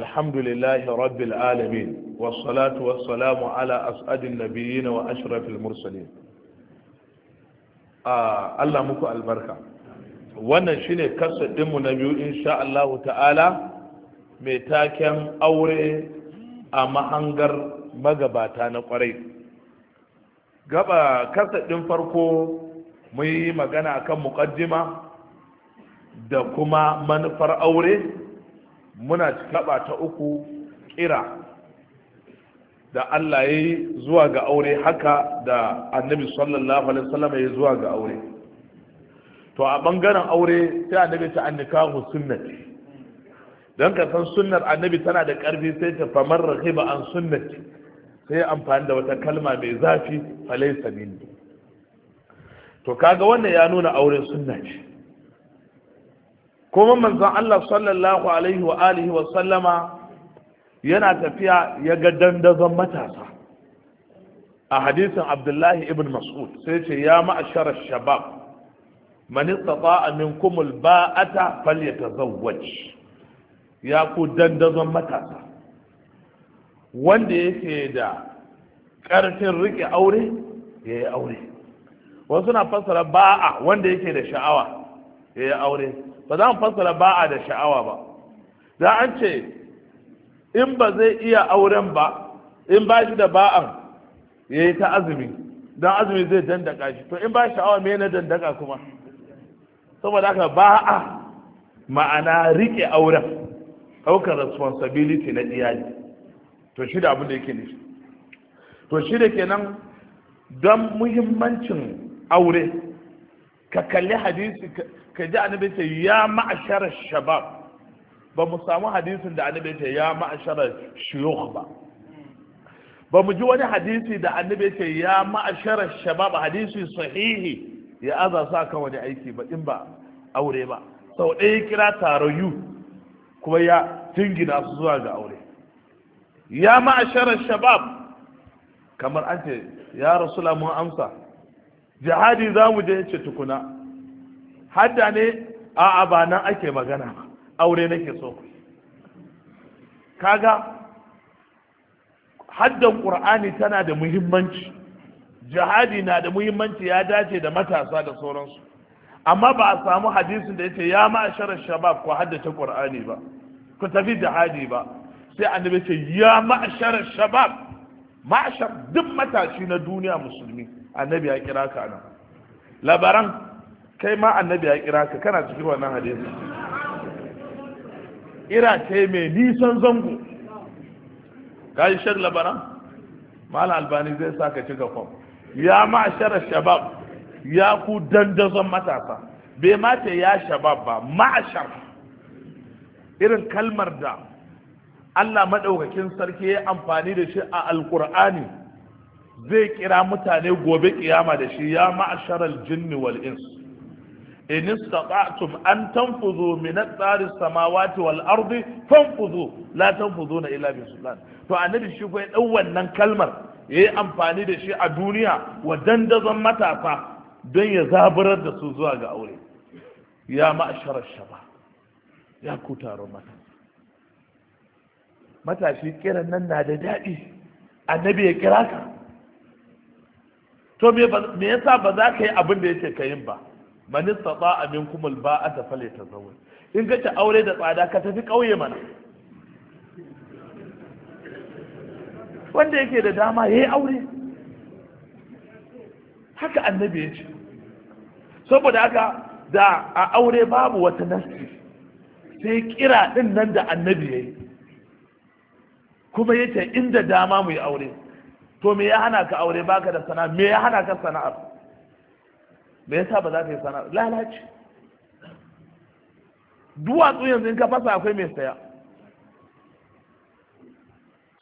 الحمد لله رب العالمين والصلاة والسلام على أسعد النبيين وأشرف المرسلين آه الله مكو البركة wannan shine kasar ɗinmu na biyu insha ta'ala mai taken aure a mahangar magabata na kwarai gaba kasar din farko mun yi magana akan muqaddima da kuma manufar aure muna taɓa ta uku kira da Allah ya zuwa ga aure haka da annabi sallallahu alaihi wasallam ya yi zuwa ga aure to a bangaren aure sai annabi ta annikahu sunnati don ka san sunnar annabi tana da karfi sai ta famar rahiba an sunnati sai amfani da wata kalma mai zafi falai sabini to kaga wannan ya nuna aure sunna kuma manzon Allah sallallahu alaihi wa alihi wa sallama yana tafiya ya ga dandazon matasa a hadisin Abdullahi ibn Mas'ud sai ce ya ma'ashar shabab man istata'a minkum alba'ata falyatazawwaj ya ku dandazon matasa wanda yake da ƙarfin rike aure ya yi aure wasu na fassara ba'a wanda yake da sha'awa ya yi aure ba za mu fassara ba'a da sha'awa ba Da an ce in ba zai iya auren ba in ba shi da ba'an ya yi ta azumi don azumi zai dandaka shi to in ba sha'awa me na dandaka kuma saboda haka ba'a ma'ana rike auren ɗaukar responsibility na iyali to shi da abin da yake nufi to shi da kenan don muhimmancin aure ka kalli hadisi ka ji annabi ce ya ma'ashara shabab ba mu samu hadisin da annabi ya ma'ashara shuyukh ba ba mu ji wani hadisi da annabi ya ma'ashara shabab hadisi sahihi ya aza sa kan wani aiki ba in ba aure ba sau ɗaya kira taro yu kuma ya jingina su zuwa ga aure ya ma'ashara shabab kamar an ce ya rasula mun amsa jihadi za mu je ce tukuna hadda ne a'a ba nan ake magana aure nake so kaga haddan qur'ani tana da muhimmanci jihadi na da muhimmanci ya dace da matasa da sauransu amma ba a samu hadisin da yace ya ma'asharar shabab ku haddace qur'ani ba ku tafi jihadi ba sai annabi ce ya ma'asharar shabab ma'ashar duk matashi na duniya musulmi annabi ya kira ka nan labaran kai ma annabi ya kira ka kana cikin wannan hadisi ira ce mai nisan zango yi shar labara mala albani zai sa ka ci gafam ya ma shara shabab ya ku dandazon matasa bai ce ya shabab ba ma'ashar irin kalmar da Allah maɗaukakin sarki ya amfani da shi a alkur'ani zai kira mutane gobe kiyama da shi ya ma'asharar jinni wal insu in istata'tum an tanfuzu min tsari samawati wal ardi fanfuzu la tanfuzuna illa bi sultan to annabi shi fa dan wannan kalmar yayi amfani da shi a duniya wa dandazon matasa don ya zaburar da su zuwa ga aure ya ma'ashar shaba ya ku taron mata matashi kiran nan na da daɗi annabi ya kira ka to me yasa ba za ka yi abin da yake kayin ba man ta fale ta zaune. in ka ci aure da tsada ka tafi kauye mana wanda yake da dama ya yi aure haka annabi ya ce saboda haka da a aure babu wata nasti sai kira din nan da annabi ya yi, kuma yace inda dama mu yi aure to me ya hana ka aure baka da sana'a me ya hana ka sana'a? me yasa ba za ka yi sana'a lalace duwatsu yanzu in ka fasa akwai mai saya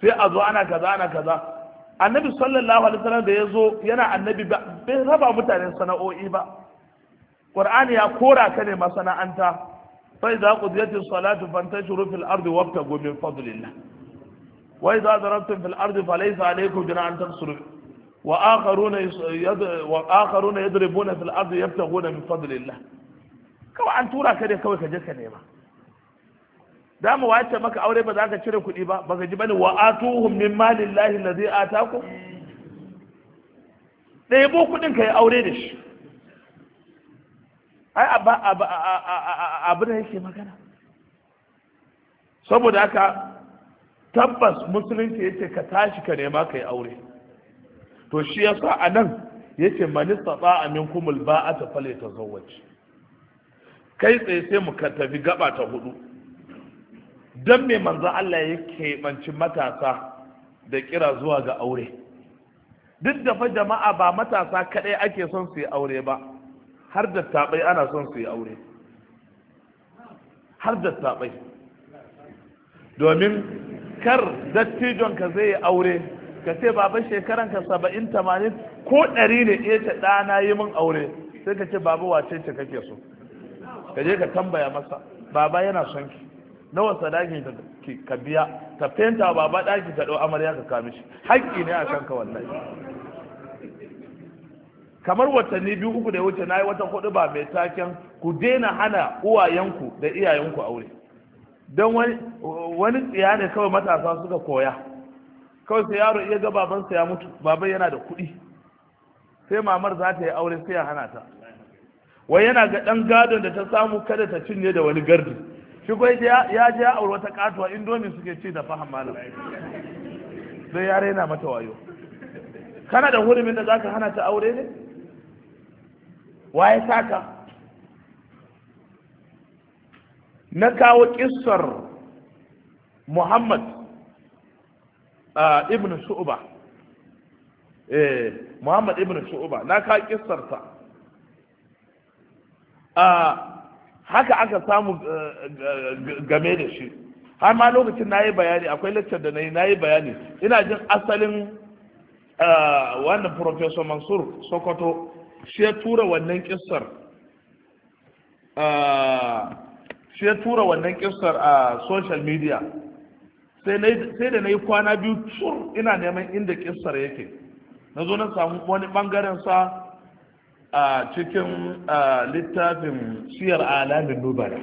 sai a zo ana kaza ana kaza annabi sallallahu alaihi wasallam da ya zo yana annabi ba bai raba mutane sana'o'i ba qur'ani ya kora ka ne masana'anta za ku qudiyati salatu fantashiru fil ardi wabtagu min fadlillah wa idza darabtum fil ardi falaysa alaykum jina'an tabsuru وآخرون يد... وآخرون يضربون في الأرض يبتغون من فضل الله kawai an tura ka ne kawai ka je ka nema da mu wace maka aure ba za ka cire kuɗi ba ba ka ji bane wa atuhum min malillahi allazi ataku ɗebo kuɗin ka yi aure da shi ai abu da yake magana saboda haka tabbas musulunci yace ka tashi ka nema ka yi aure to shi ya sa a nan ya ce manista ba a min kumul ba a tafale ta zawaci kai tsaye sai mu tafi gaba ta hudu don me manza Allah ya keɓanci matasa da kira zuwa ga aure duk da fa jama'a ba matasa kaɗai ake son su yi aure ba har da taɓai ana son su yi aure har da taɓai domin kar dattijonka zai yi aure ka ce baban shekaran ka saba'in tamanin ko ɗari ne ya eh, ce ɗana yi min aure sai ka ce baba wace ce kake so ka je ka tambaya masa baba yana son ki nawa sadakin ka biya ka fenta wa baba ɗaki ka ɗau amarya ka kame shi haƙƙi ne a ka wallahi kamar watanni biyu uku da wuce na yi wata hudu ba mai taken ku daina hana uwayenku da iyayenku aure don wani tsiya ne kawai matasa suka koya kawai sai yaro iya ga babansa ya mutu baban yana da kuɗi sai mamar za ta yi aure sai ya hana ta wai yana ga ɗan gadon da ta samu kada ta cinye da wani gardi shi ya je ya aure wata katuwa indomi suke ci da fahim malam sai yare yana mata wayo kana da hurumin da zaka hana ta aure ne waye saka na kawo kissar muhammad ibn shu'ba eh muhammad ibn shu'ba na ka kissarsa haka aka samu game da shi har ma lokacin na yi bayani akwai lecture da na yi na yi bayani ina jin asalin wannan professor mansur sokoto shi ya tura wannan kissar shi tura wannan kissar a social media sai da na yi kwana biyu tur ina neman inda kissar yake na zo na samu wani bangaren sa a cikin littafin siyar alamin nubala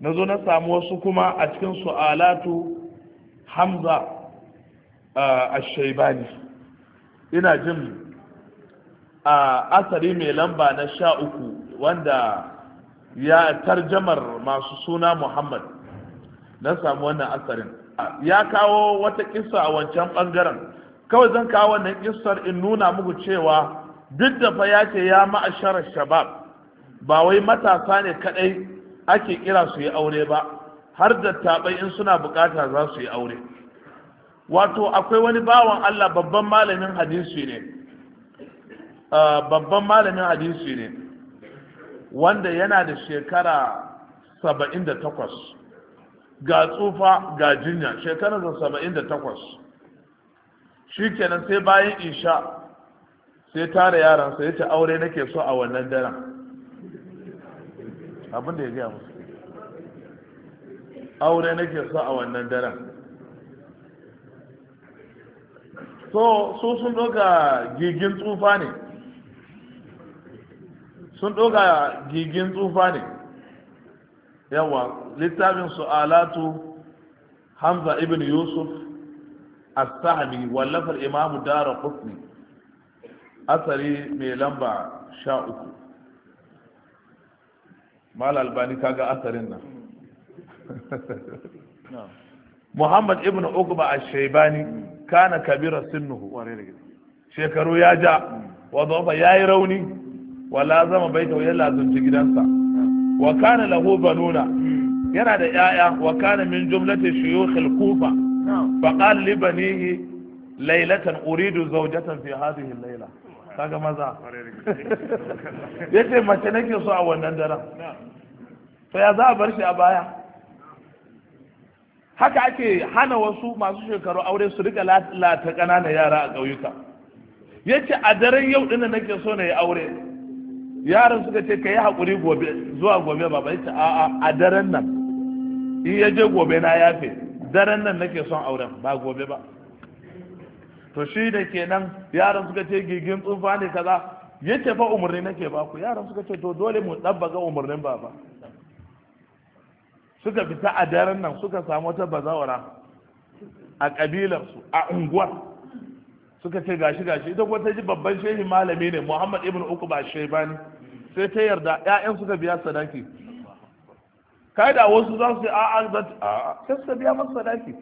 na zo na samu wasu kuma a cikin su Alatu hamza a shaibani ina jin a asali mai lamba na sha uku wanda ya tarjamar masu suna muhammad na samu wannan asarin ya kawo wata kissa a wancan bangaren kawai zan kawo wannan kissar in nuna muku cewa duk da fa ya ce ya ma'ashara shabab ba wai matasa ne kadai ake kira su yi aure ba har da dattabai in suna bukata za su yi aure wato akwai wani bawan Allah babban malamin hadisi ne babban malamin hadisi ne wanda yana da shekara saba'in da takwas ga tsufa ga jinya shekarar da saba'in da takwas shi kenan sai bayan isha sai tara yaransa ya ce aure nake so a wannan daren abin da ya gaya musu aure nake so a wannan daren so su sun ɗoga gigin tsufa ne sun ɗoga gigin tsufa ne yawa littafin su'alatu hamza ibn yusuf as-sahmi wallafar imam dara qutni asari mai lamba sha uku mal albani kaga asarin nan muhammad ibn ugba ash-shaybani kana kabira sinnuhu shekaru ya ja mm. wa ya yi rauni wala zama baita ya lazunci gidansa wa kana lahu banuna yana da yaya wa kana min jumlati shuyukh al-kufa fa qala li banihi laylatan uridu zawjatan fi hadhihi al-layla kaga maza yace mace nake so a wannan daren to ya za a bar shi a baya haka ake hana wasu masu shekaru aure su rika lata ƙananan yara a ƙauyuka yace a daren yau dinnan nake so na yi aure yaran suka ce ka yi haƙuri gobe zuwa gobe ba ba ce a'a a daren nan in ya je gobe na yafe daren nan nake son auren ba gobe ba to shi da nan yaran suka ce gigin tsufa ne kaza ya ce fa umarni nake ba ku yaran suka ce to dole mu ɗabbaga umarnin baba suka fita a daren nan suka samu wata bazawara a ƙabilarsu a unguwar suka ce gashi gashi ita kuma ta ji babban shehi malami ne muhammad ibn uku ba shebani sai ta yarda ƴaƴan suka biya sadaki kai da wasu za su a a'a a sai suka biya masa sadaki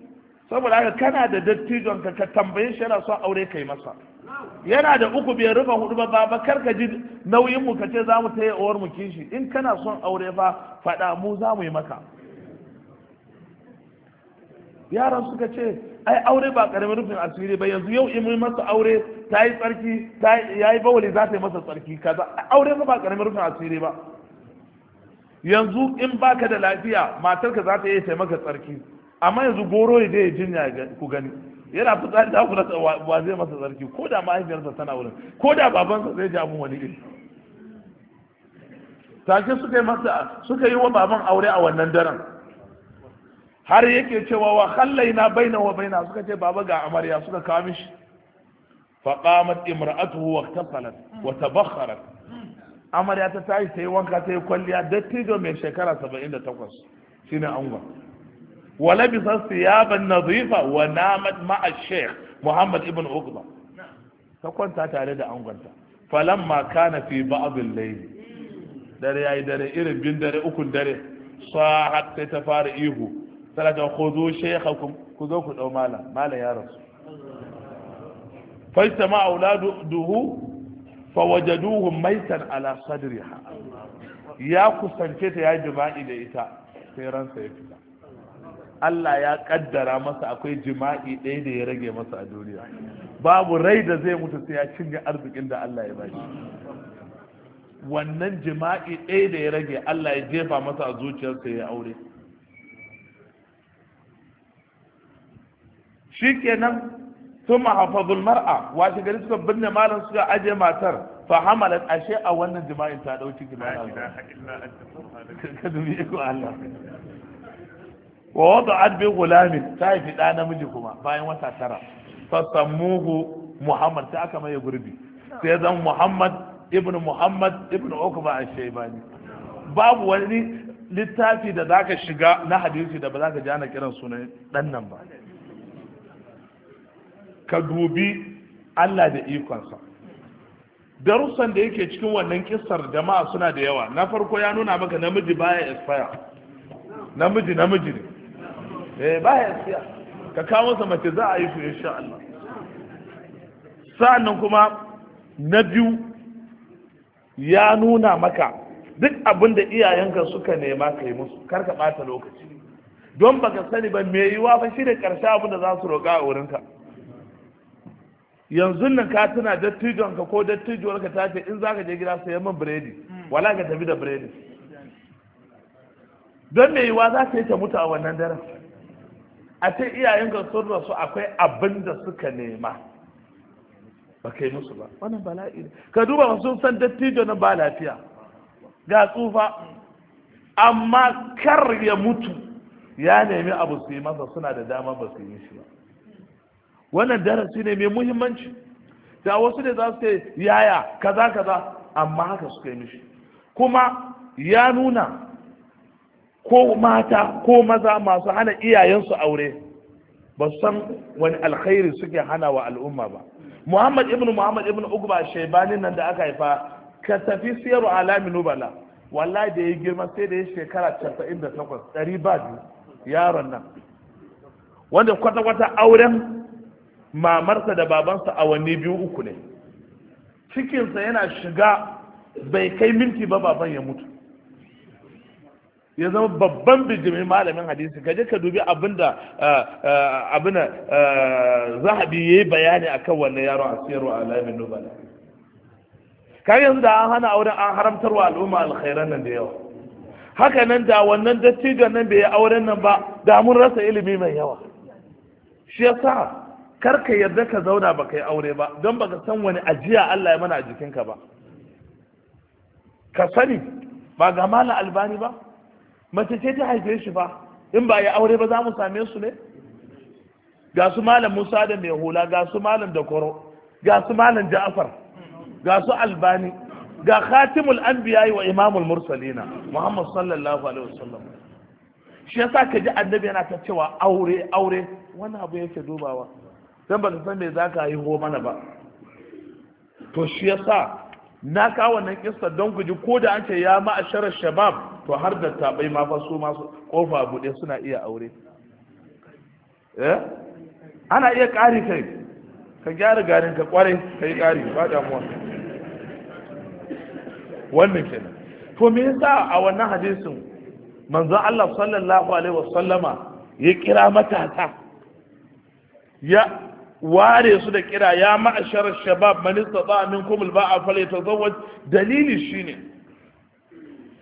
saboda haka kana da dattijon ka ka tambaye shi yana son aure kai masa yana da uku bai rufe hudu ba ba kar ka ji nauyin mu ka ce za mu taya uwar mu kishi in kana son aure fa faɗa mu za mu yi maka yaran suka ce ai aure ba karamin rufin asiri ba yanzu yau in masa aure ta yi tsarki ya yi bawali za ta yi masa tsarki kaza aure ba karamin rufin asiri ba yanzu in baka da lafiya matarka za ta iya taimaka tsarki amma yanzu goro ya je ya jinya ku gani yana fitsari ta ku rasa wa zai masa tsarki ko da mahaifiyarsa tana wurin ko da babansa zai ji abin wani iri take suka yi masa suka yi wa baban aure a wannan daren har yake cewa wa khallaina baina wa baina suka ce baba ga amarya suka kawo mishi fa qamat imra'atuhu wa ihtasalat wa tabakharat amarya ta tashi ta yi wanka ta yi kwalliya dattijo mai shekara saba'in da 78 shine angon wa labisa siyaban Nazifa wa namat ma'a sheikh muhammad ibn uqba ta kwanta tare da angonta falamma kana fi ba'd al-layl dare yayi dare irin bin dare ukun dare sahat sai ta fara ihu tana ta khudu shaykhakum ku zo ku dau malam malam ya rasu duhu fa wajaduhu maitan ala sadriha ya kusance ta ya jima'i da ita sai ransa ya fita Allah ya kaddara masa akwai jima'i ɗaya da ya rage masa a duniya babu rai da zai mutu sai ya cinye arzikin da Allah ya bashi wannan jima'i ɗaya da ya rage Allah ya jefa masa a zuciyarsa ya aure kenan thumma hafazul mar'a washe gari suka binne malam suka aje matar fa hamalat ashe a wannan jima'in ta dau ciki na Allah wa gulamin ta haifi da namiji kuma bayan wata tara fa sammuhu muhammad ta aka maye gurbi sai zan muhammad ibnu muhammad ibnu ukba ash-shaybani babu wani littafi da zaka shiga na hadisi da ba ka ji ana kiran sunan dan nan ba ka dubi Allah da ikonsa darussan da yake cikin wannan kissar jama'a suna da yawa na farko ya nuna maka namiji baya expire namiji namiji ne eh baya expire ka kawo sa mace za a yi su insha Allah sa'annan kuma na biyu ya nuna maka duk abin da iyayenka suka nema ka yi musu kar ka bata lokaci don baka sani ba me yiwa fa shi da ƙarshe abin da za su roƙa a wurinka yanzu nan ka tuna dattijon ka ko dattijuwar ka ta ce in za ka je gida sayan mun biredi wala ka tafi da biredi don me yiwa za ka yi ta mutu a wannan daren a ce iyayen ka sun rasu akwai abin da suka nema ba kai musu ba wannan bala'i ne ka duba sun san dattijo na ba lafiya ga tsufa amma kar ya mutu ya nemi abu su yi masa suna da dama ba su yi shi ba wannan darasi ne mai muhimmanci da wasu ne za su yaya kaza kaza amma haka suka yi mishi kuma ya nuna ko mata ko maza masu hana iyayensu aure ba san wani alkhairi suke hana wa al'umma ba muhammad ibn muhammad ibn ugba shaibanin nan da aka haifa ka tafi siyarwa alami nubala wallahi da ya girma sai da ya shekara 98 ɗari ba yaron nan wanda kwata-kwata auren mamarsa da babansa awanni biyu uku ne cikinsa yana shiga bai kai minti ba baban ya mutu ya zama babban bijimin malamin hadisi ka ka dubi abinda da zahabi ya yi bayani a kan wannan yaro a siyarwa lamin nubala kan yanzu da an hana auren an haramtarwa al'umma alkhairan nan da yawa haka nan da wannan dattijon nan bai yi auren nan ba da mun rasa ilimi mai yawa shi yasa kar ka yarda ka zauna ba ka yi aure ba don baka san wani ajiya Allah ya mana a jikinka ba ka sani ba ga malam albani ba mace ce ta haife shi ba in ba ya aure ba za mu same su ne ga su malam musa da mai hula ga su malam da koro ga su malam ja'afar ga su albani ga khatimul anbiya wa imamul mursalina muhammad sallallahu alaihi wasallam shi yasa ka ji annabi yana ta cewa aure aure wani abu yake dubawa sai ba ka san me za ka ho mana ba to shi ya sa na kawo wannan kista don ku ji ko da an ce ya ma'asharar shabab to har da tabai ma fa su masu kofa buɗe suna iya aure eh ana iya ƙari kai ka gyara garin ka kware ka yi ƙari ba damuwa wannan kenan to me yasa a wannan hadisin manzon Allah sallallahu alaihi wasallama ya kira matasa ya ware su da kira ya ma'ashar shabab man istata fara ta falyatazawwaj dalili shine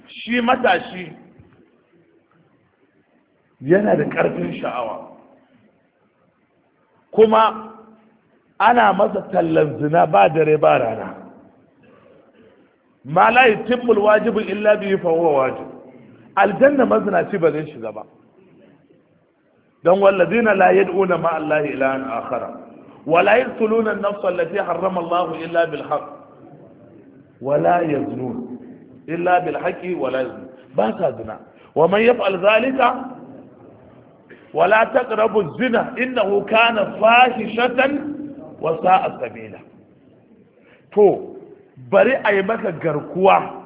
shi matashi yana da karfin sha'awa kuma ana masa tallan zina ba dare ba rana ma la yutimmul wajibu illa bihi fa huwa wajib aljanna mazinaci ba zai shiga ba don wallazina la yad'una ma Allah ilahan akhara wala yaqtuluna an-nafs allati illa bil wala yaznun illa bil haqqi wala yaznun ba ta zina wa man yaf'al zalika wala taqrabu az-zina innahu kana fahishatan wa sa'a sabila to bari a yi maka garkuwa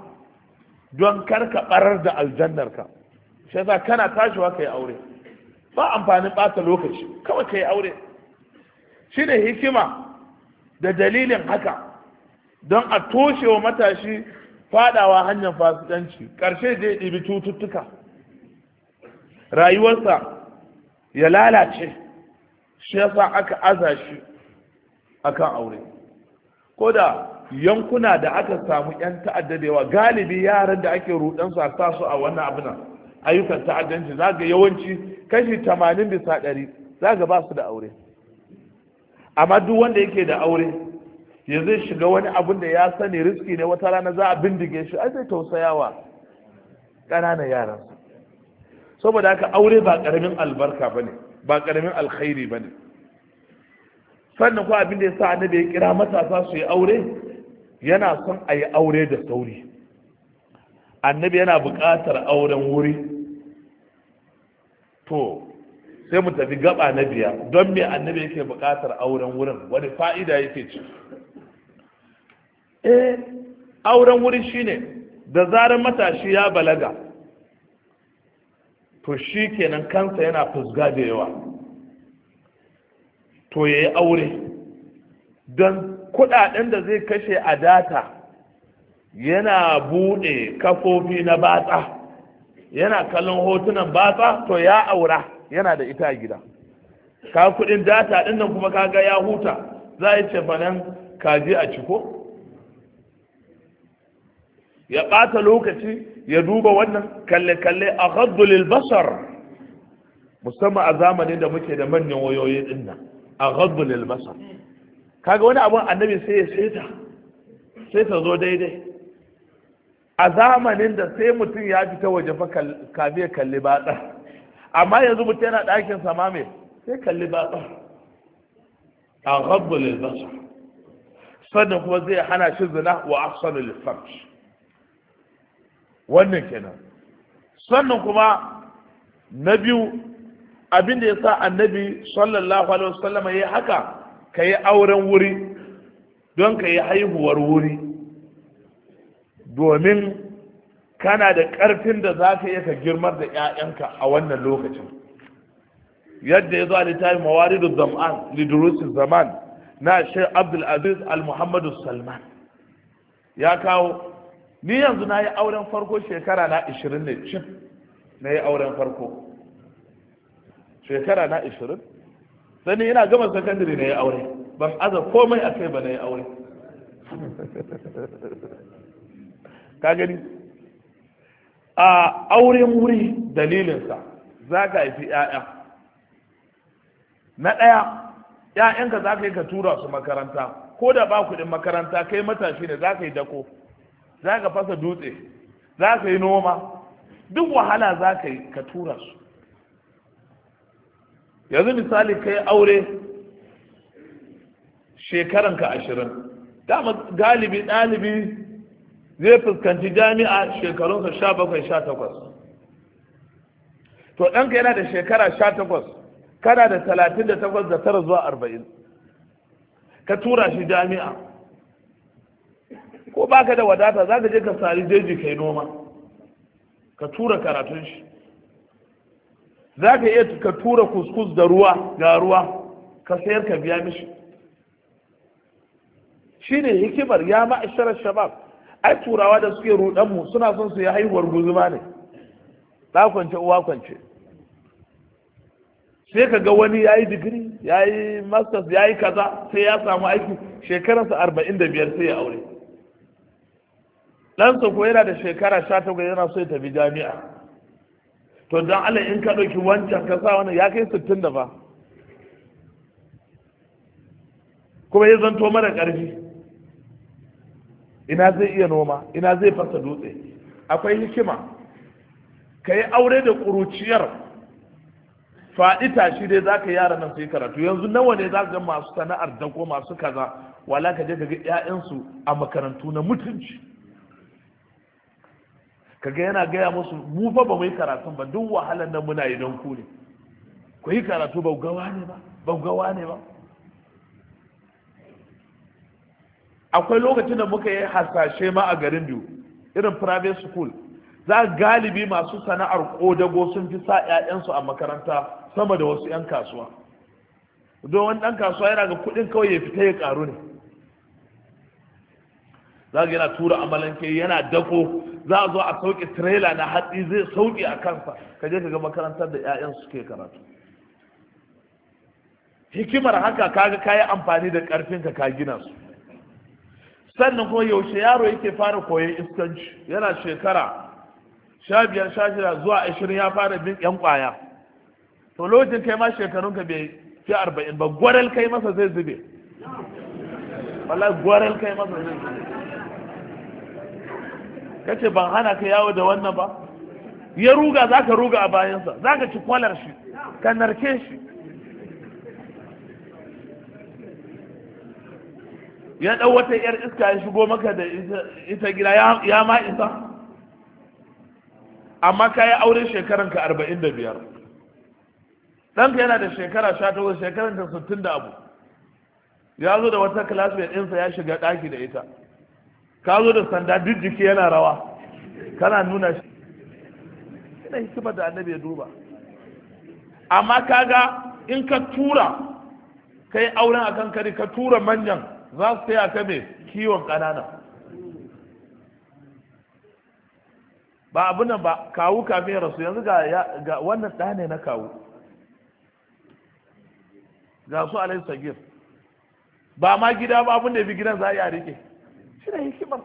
don kar ka barar da aljannar ka. yasa kana tashiwa kai aure ba amfanin bata lokaci kawai kai aure shi ne hikima da dalilin haka don a toshe wa matashi fadawa hanyar fasikanci ƙarshe zai ɗibi cututtuka rayuwarsa ya lalace shi yasa aka aza shi akan aure ko da yankuna da aka samu 'yan ta'adda da galibi yaran da ake su a sa su a wannan abin ayyukan ta'addanci za ga yawanci kashi tamanin bisa ɗari, za ga ba su da aure amma duk wanda yake da aure ya zai shiga wani abin da ya sani riski ne wata rana za a bindige shi ai zai tausayawa ƙananan yaran saboda haka aure ba ƙaramin albarka bane ba ƙaramin alkhairi bane sannan ko abin da ya sa annabi ya kira matasa su yi aure yana son a yi aure da sauri annabi yana buƙatar auren wuri to sai mu tafi gaba na biya don me annabi yake buƙatar auren wurin wani fa'ida yake ci eh auren wurin shine da zarar matashi ya balaga to shi kenan kansa yana fusga da yawa to ya yi aure don kuɗaɗen da zai kashe a data yana buɗe kafofi na batsa yana kallon hotunan batsa to ya aura yana da ita a gida ka kuɗin data din nan kuma kaga ya huta za a yi cefanen kaji a ciko ya ɓata lokaci ya duba wannan kalle-kalle a lil basar musamman a zamanin da muke da manyan wayoyi din nan a lil basar kaga wani abun annabi sai ya saita sai ta zo daidai a zamanin da sai mutum ya fita waje fa kafin ya kalli batsa amma yanzu mutum yana ɗakin sama mai sai kalli batsa a rabu lalbasa sannan kuma zai hana shi zina wa asalin lilfarj wannan kenan sannan kuma na biyu abin da ya sa annabi sallallahu alaihi wasallama ya haka ka yi auren wuri don ka yi haihuwar wuri domin kana da ƙarfin da za ka iya ka girmar da 'ya'yanka a wannan lokacin yadda ya zo a littafin da zam'an lidurusin zaman na shi abdul aziz al muhammadu salman ya kawo ni yanzu na yi auren farko shekara na 20 ne cin na yi auren farko shekara na 20 sani yana gama sakandare na yi aure ban aza komai a kai ba na yi aure ka gani a auren wuri dalilinsa za ka haifi 'ya'ya na ɗaya 'ya'yanka za ka yi ka tura su makaranta ko da ba kuɗin makaranta kai matashi ne za ka yi dako za ka fasa dutse za ka yi noma duk wahala za ka yi ka tura su yanzu misali kai aure shekaranka ashirin galibi ɗalibi zai fuskanci jami'a shekarunsa sha bakwai sha takwas to ɗanka yana da shekara sha takwas kana da talatin da takwas da tara zuwa arba'in ka tura shi jami'a ko baka da wadata za ka je ka sari jeji kai noma ka tura karatun shi za ka iya ka tura kuskus da ruwa ga ruwa ka sayar ka biya mishi shi ne hikimar ya ma'asharar shabab ai turawa da suke rudan mu suna son su yi haihuwar guzuma ne ta kwance uwa kwance sai ka ga wani ya yi digiri ya yi masters ya yi kaza sai ya samu aiki shekararsa arba'in da biyar sai ya aure ɗansa ko yana da shekara sha takwas yana so ya tafi jami'a to don allah in ka ɗauki wancan ka sa wani ya kai sittin da ba kuma ya zanto mara ƙarfi ina zai iya noma ina zai fasa dutse akwai hikima ka yi aure da ƙuruciyar faɗi tashi dai za ka yara nan su yi karatu yanzu nawa ne za ga masu sana'ar ko masu kaza wala ka je ka ga 'ya'yansu a makarantu na mutunci ka ga yana gaya musu mu fa ba mu yi karatun ba duk wahalar nan muna yi don ku ne ku yi karatu ba gawa ne ba ba gawa ne ba akwai lokacin da muka yi hasashe ma a garin biyu irin private school za galibi masu sana'ar kodago sun fi sa 'ya'yansu a makaranta sama da wasu 'yan kasuwa don wani ɗan kasuwa yana ga kuɗin kawai ya fita ya karu ne za ga yana tura amalanke yana dako za a zo a sauƙi tirela na hatsi zai sauƙi a kansa ka je ka ga makarantar da 'ya'yan suke karatu hikimar haka kaga kayi amfani da ƙarfinka ka gina su sannan kuma yaushe yaro yake fara koyon iskanci yana shekara sha biyar sha shida zuwa ashirin ya fara bin yan kwaya to lokacin kai ma shekarunka bai fi arba'in ba gwaral kai masa zai zube wallahi gwaral kai masa zai zube kace ban hana ka yawo da wannan ba ya ruga za ka ruga a bayansa za ka ci kwalar shi ka narke shi ya ɗau wata ‘yar iska ya shigo maka da ita gida ya ma isa amma ka yi aure shekaran ka arba'in da biyar ɗanka yana da shekara sha takwas shekaran ta sittin da abu ya zo da wata classmate ɗinsa ya shiga ɗaki da ita ka zo da sanda duk jiki yana rawa kana nuna shi Yana hikimar da annabi ya duba amma kaga in ka tura ka yi auren akan kari ka tura manyan za su taya ta mai kiwon ƙanana ba abu nan ba kawu kafin ya rasu yanzu ga wannan ɗa ne na kawu ga su alai sagir ba ma gida ba abin da bi gidan za a yi a rike shi ne hikimar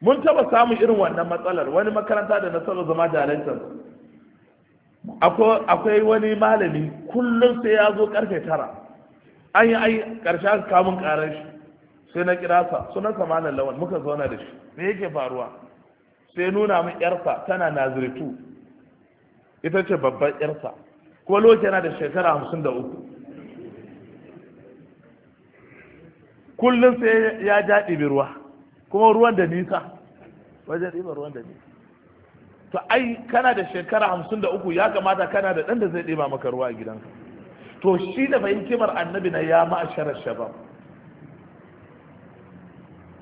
mun taba samun irin wannan matsalar wani makaranta da na tsaro zama jarantar akwai wani malami kullum sai ya zo karfe tara an yi ai karshe kawo kamun karar shi sai na kira sa sunan sa malam lawan muka zauna da shi me yake faruwa sai nuna min yarsa tana naziritu ita ce babban yarsa ko lokaci yana da shekara hamsin da uku kullum sai ya ja ɗibi ruwa kuma ruwan da nisa wajen ɗiba ruwan da nisa to ai kana da shekara hamsin da uku ya kamata kana da ɗan da zai ɗiba maka ruwa a gidanka to shi da fahimtimar annabi na ya ma'ashara shabab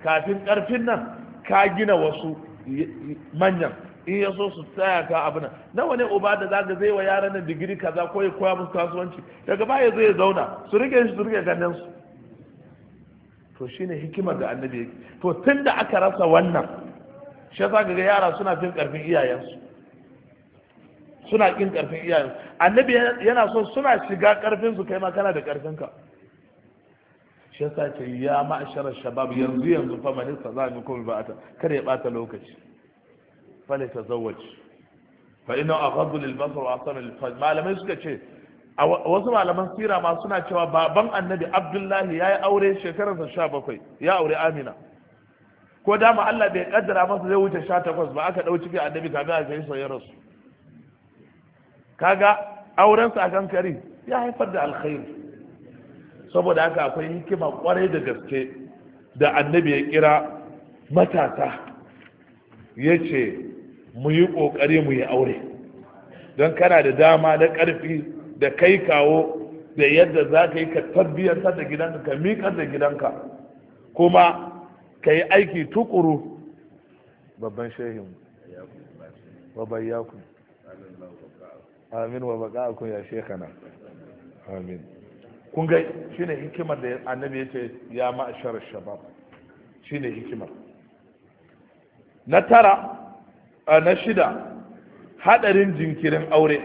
kafin karfin nan ka gina wasu manyan in ya so su tsaya ka abu nan nawa ne uba da zaga zai wa yaran nan digiri kaza ko ya koya musu kasuwanci daga baya zai zauna su rike shi su rike ganin su to shi ne hikimar da annabi yake to tun da aka rasa wannan shi yasa ga yara suna fin karfin iyayensu suna kin karfin iyayensu annabi yana so suna shiga karfin su kai ma kana da karfin ka shi yasa ce ya ma'asharar shabab yanzu yanzu fa man mu kuma ba'ata kar ya bata lokaci fa la tazawwaj fa inna aghaddu lil basar wa asana lil fajr malamai suka ce wasu malaman sira ma suna cewa baban annabi abdullahi ya yi aure shekarar sa bakwai ya aure amina ko da ma allah bai kaddara masa zai wuce sha takwas ba aka dauki ciki annabi kamin a sai soyayya rasu kaga aurensa kan kari ya haifar da alkhairi saboda haka akwai hikima kwarai da gaske da annabi ya kira matasa ya ce mu yi ƙoƙari mu yi aure don kana da dama da karfi da kai kawo da yadda za ka yi ka tarbiyyantar da gidanka ka miƙar da gidanka kuma ka yi aiki tukuru babban shehin babban yakun amin wa baka ku ya shekana amin kun ga shine hikimar da annabi ya ce ya ma'ashar shabab shine hikimar na tara na shida hadarin jinkirin aure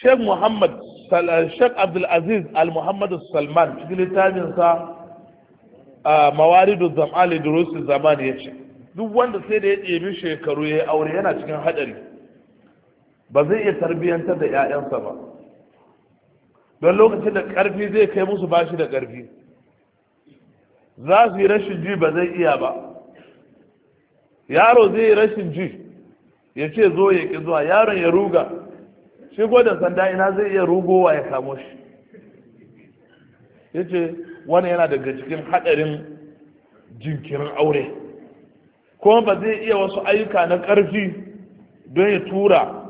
Sheikh Muhammad Sheikh Abdul Aziz Al Muhammad Salman cikin littafinsa mawaridu zam'ali durusi zamani ya ce duk wanda sai da ya ɗebi shekaru ya aure yana cikin haɗari ba zai iya tarbiyyantar da 'ya'yansa ba don lokacin da ƙarfi zai kai musu bashi da ƙarfi za su yi rashin ji ba zai iya ba yaro zai yi rashin ji ya ce zo ya ƙi zuwa yaron ya ruga shi da sanda ina zai iya rugowa ya samu shi ya ce wani yana daga cikin haɗarin jinkirin aure ko ba zai iya wasu ayyuka na ƙarfi don ya tura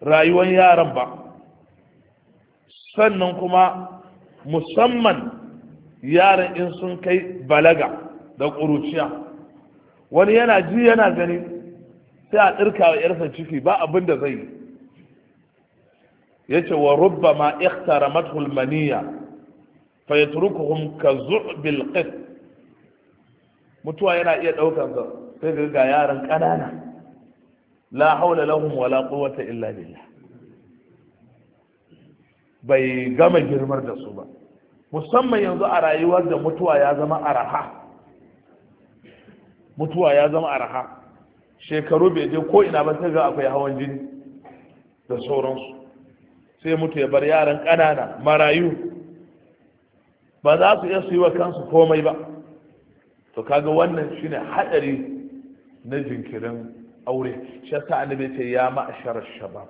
rayuwar yaran ba sannan kuma musamman yaran in sun kai balaga da ƙuruciya wani yana ji yana gani sai a tsirka wa yarsa ciki ba abin da zai yi ya ce wa rubba ma ikhtara mathulmaniya fa yatrukuhum ka zu'bil qit mutuwa yana iya ɗaukar ka sai ga ga yaran ƙanana la haula lahum wala quwwata illa billah bai gama girmar da su ba musamman yanzu a rayuwar da mutuwa ya zama araha mutuwa ya zama araha shekaru bai je ko ina ba sai ga akwai hawan jini da sauransu sai mutu ya bar yaran ƙanana marayu ba za su iya su yi wa kansu komai ba to kaga wannan shine hadari na jinkirin aure shi yasa annabi ce ya ma'ashara shabab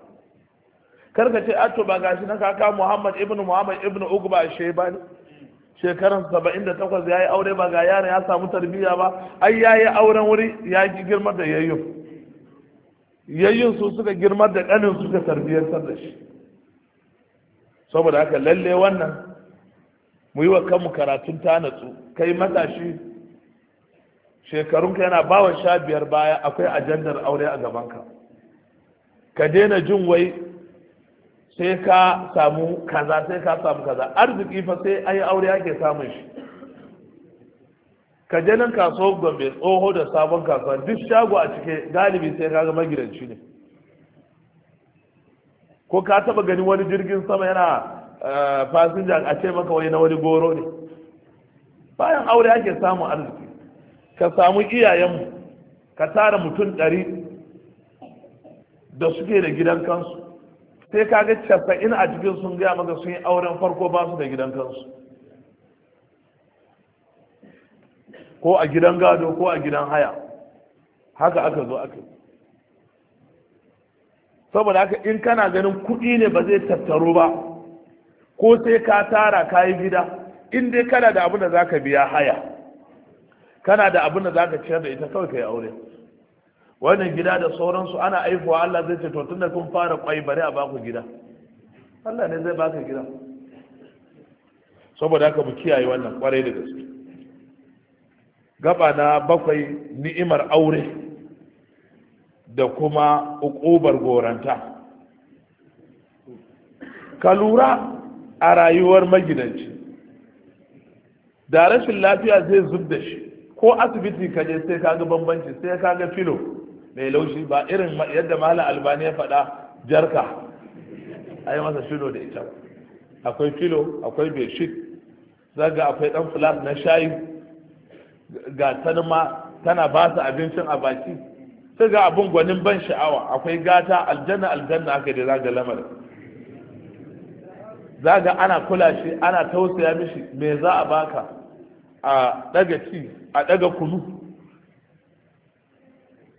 karka ce ato ba gashi na kaka Muhammad ibnu Muhammad ibnu Ugba Shaybani shekaran 78 yayi aure ba ga yaron ya samu tarbiyya ba ai yayi auren wuri ya girma da yayyo yayyun su suka girma da kanin suka tarbiyyantar da shi saboda haka lalle wannan mu yi wa kanmu karatun ta natsu kai matashi shekarunka yana bawa sha biyar baya akwai ajandar aure a gabanka ka daina jin wai sai ka samu kaza sai ka samu kaza arziki fa sai ai yi aure ake samun shi ka je nan kasuwar gombe tsoho da sabon kasuwa duk shago a cike galibi sai ka ga magidanci ne ko ka taba gani wani jirgin sama yana eh, fasinja a ce maka wani na wani goro ne bayan aure ake samun arziki ka samu iyayenmu ka tara mutum ɗari da suke da gidan kansu sai ka ga casa'in a cikin sun gaya maka sun yi auren farko ba su da gidan kansu ko a gidan gado ko a gidan haya haka aka zo aka saboda haka in kana ganin kuɗi ne ba zai tattaro ba ko sai ka tara ka yi gida in dai kana da abin da za ka biya haya kana da abin da zaka ciyar da ita kawai kai aure wannan gida da sauransu ana aifuwa Allah zai ce to tunda kun fara kwai bari a baku gida Allah ne zai baka gida saboda haka mu kiyaye wannan kwarai da gaske gaba na bakwai ni'imar aure da kuma ukubar goranta ka lura a rayuwar magidanci da rashin lafiya zai zub da shi ko asibiti ka je sai kaga bambanci sai kaga filo mai laushi ba irin yadda mahalin albani ya faɗa jarka a yi masa filo da ita akwai filo akwai beshit zaga akwai dan flat na shayi ga tanuma tana ba su abincin a baki sai ga abin gwanin ban sha'awa akwai gata aljanna aljanna aka da zaga lamarin zaga ana kula shi ana tausaya mishi me za a baka a daga ci a daga kunu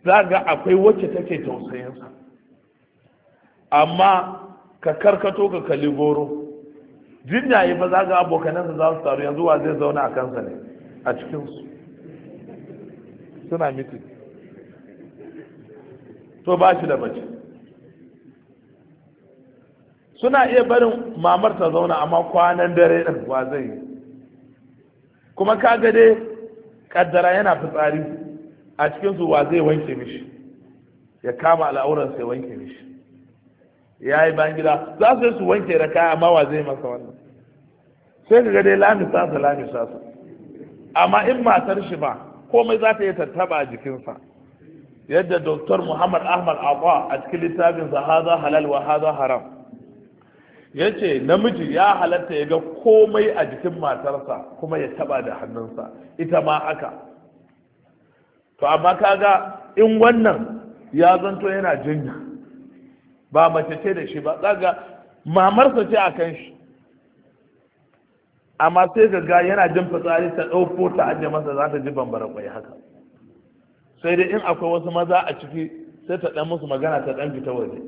za ga akwai wacce take tausayinsa amma ka karkato ka kalli goro jinjaye ba za ga abokanansa za su taru yanzu wa zai zauna a kansa ne a cikinsu suna miti to ba shi da mace suna iya barin mamar ta zauna amma kwanan dare ɗin wa zai yi kuma kaga dai kaddara yana fitsari a cikin wa zai wanke mishi ya kama al'auran sai wanke mishi ya yi bayan gida za su su wanke da kaya amma wa zai masa wannan sai ka ga dai lamisa sa lamisa sa amma in matar shi ba komai za ta yi tattaba a jikinsa yadda Dr. Muhammad Ahmad Abba a cikin littafin sa haza halal wa haza haram ya ce namiji ya halatta ya ga komai a jikin matarsa kuma ya taba da hannunsa ita ma aka. to amma kaga in wannan ya zanto yana jinya ba mace ce da shi ba kaga mamarsa ce a kan shi amma sai gaga yana jin fitsari ta ɗauko ta ajiye masa za ta ji bambara kwai haka sai dai in akwai wasu maza a ciki sai ta ɗan musu magana ta ɗan fita waje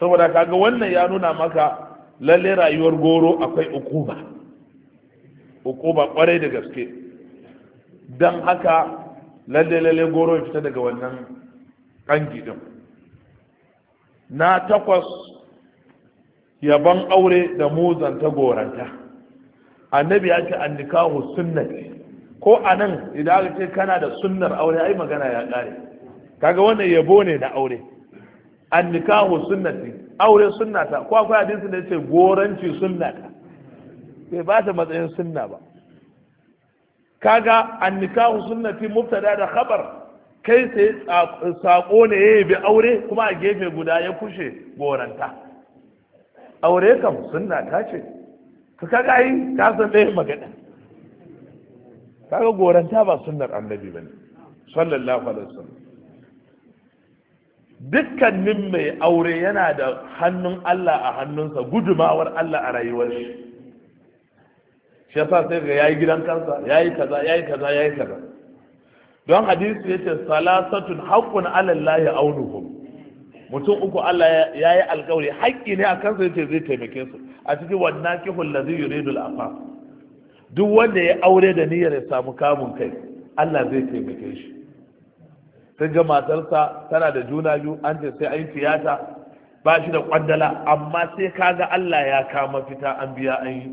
saboda kaga wannan ya nuna maka lalle rayuwar goro akwai ukuba ukuba kwarai da gaske don haka lalle lalle goro ya fita daga wannan kangi din na takwas yaban aure da muzanta goranta annabi ya ce annikahu sunnati ko anan idan aka ce kana da sunnar aure ai magana ya kare kaga wannan yabo ne na aure an sunnati aure sunnata ko akwai hadisi da yace goranci sunnata bai ba ta matsayin sunna ba kaga an sunnati mubtada da khabar kai sai sako ne yayi bi aure kuma a gefe guda ya kushe goranta aure kam sunnata ce ka kaga yi ka san dai magana kaga goranta ba sunnar annabi bane sallallahu alaihi wasallam dukkanin mai aure yana da hannun Allah a hannunsa gudumawar Allah a rayuwar shi shi yasa sai ga yayi gidan kansa yayi kaza yayi kaza yayi kaza don hadisi yace salasatun haqqun ala Allah aunuhum mutum uku Allah ya yi alkawari haƙƙi ne a kansa yace zai taimake su a cikin wannan kihul ladhi yuridu al duk wanda ya aure da niyyar ya samu kamun kai Allah zai taimake shi sun ga matarsa tana da juna biyu an ce sai an yi tiyata ba shi da kwandala amma sai kaga Allah ya kama fita an biya an yi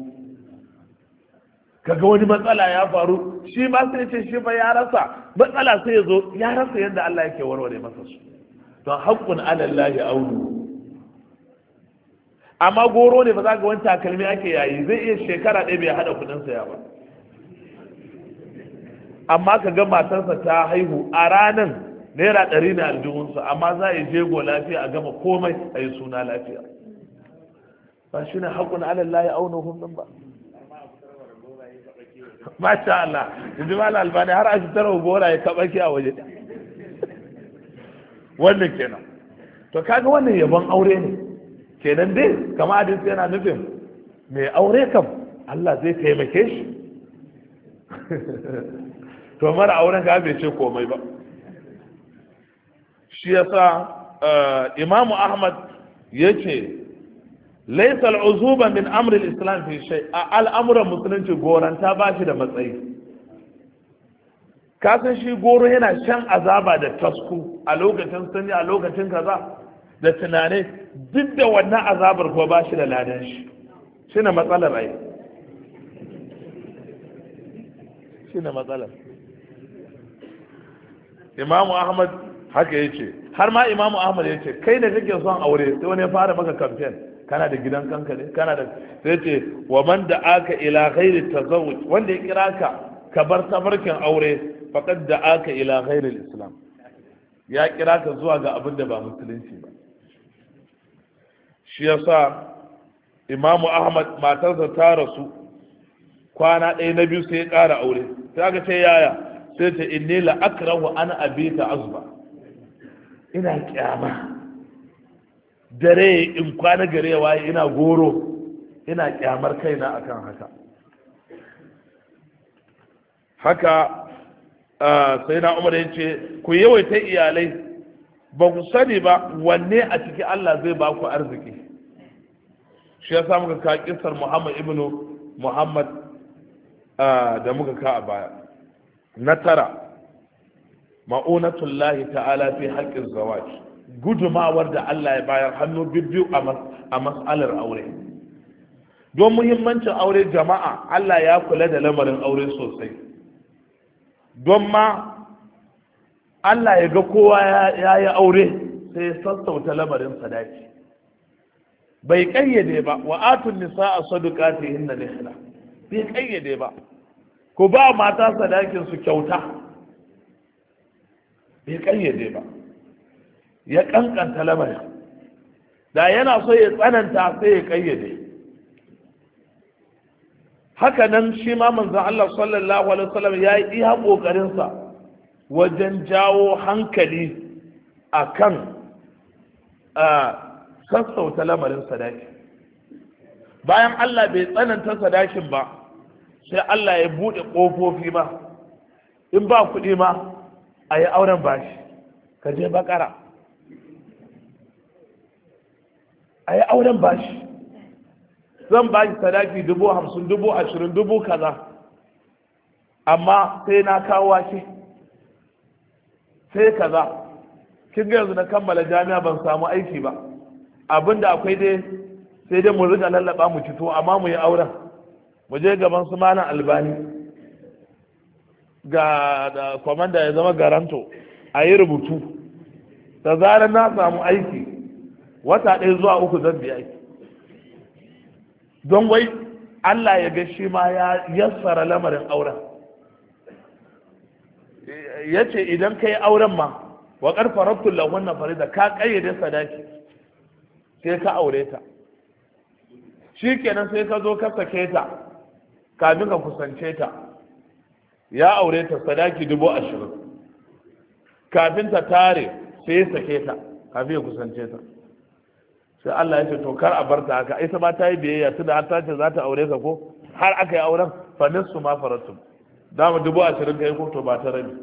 kaga wani matsala ya faru shi ma sai ce shi ba ya rasa matsala sai ya zo ya rasa yadda Allah yake warware masa su don haƙƙun alallahi auru amma goro ne ba za ga wani takalmi ake yayi zai iya shekara ɗaya bai haɗa kuɗin saya ba amma ka ga matarsa ta haihu a ranan naira ɗari ne aljihunsu amma za a yi jego lafiya a gama komai a yi suna lafiya ba shi ne haƙun alallah ya auna hundun ba masha Allah yanzu ma albani har a fitar wa gora ya kaɓa a waje wannan kenan to kaga wannan yabon aure ne kenan dai kama hadisi yana nufin mai aure kam Allah zai taimake shi to mara auren ga bai ce komai ba shi ya sa eh, imamu ahmad ce laisal uzuba min amri islam fi shai a al'amuran musulunci goranta ba shi da matsayi kasan shi goro yana shan azaba da tasku a lokacin sanyi a lokacin kaza da tunane duk da wannan azabar ko ba shi da ladan shi shi na matsalar ai shi na matsalar imamu ahmad haka yace har ma imamu ahmad yace kai da kake son aure sai wani ya fara maka kamfen. kana da gidan kanka ne kana da sai ce wa man da aka ila ghairi tazawuj wanda ya kira ka ka bar tabarkin aure faqad da aka ila ghairi islam ya kira ka zuwa ga abinda ba musulunci ba shi yasa imamu ahmad matarsa ta rasu kwana ɗaya na biyu sai ya ƙara aure sai aka ce yaya sai ce inni la akrahu an abita azba ina kyama dare in kwana gare waye ina goro ina kyamar kaina akan haka haka sai na umar ya ce ku yawaita iyalai ba ku sani ba wanne a ciki Allah zai ba ku arziki shi ya sa muka ka kisar Muhammad ibnu Muhammad da muka ka a baya na tara ma'unatullahi ta'ala fi haƙƙin zawaj gudumawar da Allah ya bayar hannu bibbiyu a mas'alar aure don muhimmancin aure jama'a Allah ya kula da lamarin aure sosai don ma Allah ya ga kowa ya yi aure sai sassauta lamarin sadaki bai ƙayyade ba wa atun nisa a sadukatihin bai ƙayyade ba ku ba mata sadakin su kyauta bai kayyade ba ya kankanta lamarin da yana so ya tsananta sai ya kayyade haka nan shi ma manzon Allah sallallahu alaihi wasallam ya yi iya kokarinsa wajen jawo hankali a kan sassauta lamarin sadaki bayan Allah bai tsananta sadakin ba sai Allah ya buɗe ƙofofi ma in ba kuɗi ma a yi auren bashi ka je bakara a yi auren bashi zan ba shi sadaki dubu hamsin dubu ashirin dubu kaza amma sai na kawo wake sai kaza kin ga yanzu na kammala jami'a ban samu aiki ba abinda akwai dai sai dai mu riga lallaba mu fito amma mu yi auren mu je gaban su malam albani ga da kwamanda ya zama garanto a yi rubutu da zarar na samu aiki wata ɗaya zuwa uku zan biya aiki don wai allah ya ga shi ma ya yassara lamarin auren ya ce idan ka yi auren ma wa ƙarfa rabtun na farida ka ƙayyade sadaki sai ka aure ta shi kenan sai ka zo ka sake ta kafin ka kusance ta ya aure ta sadaki dubu ashirin kafin ta tare sai ya sake ta kafin ya kusance ta sai Allah ya ce to kar a bar ta haka ita ma ta yi biyayya tunda har ta ce za ta aure ka ko har aka yi auren fa nisfu ma faratum dama dubu ashirin kai ko to ba ta rabi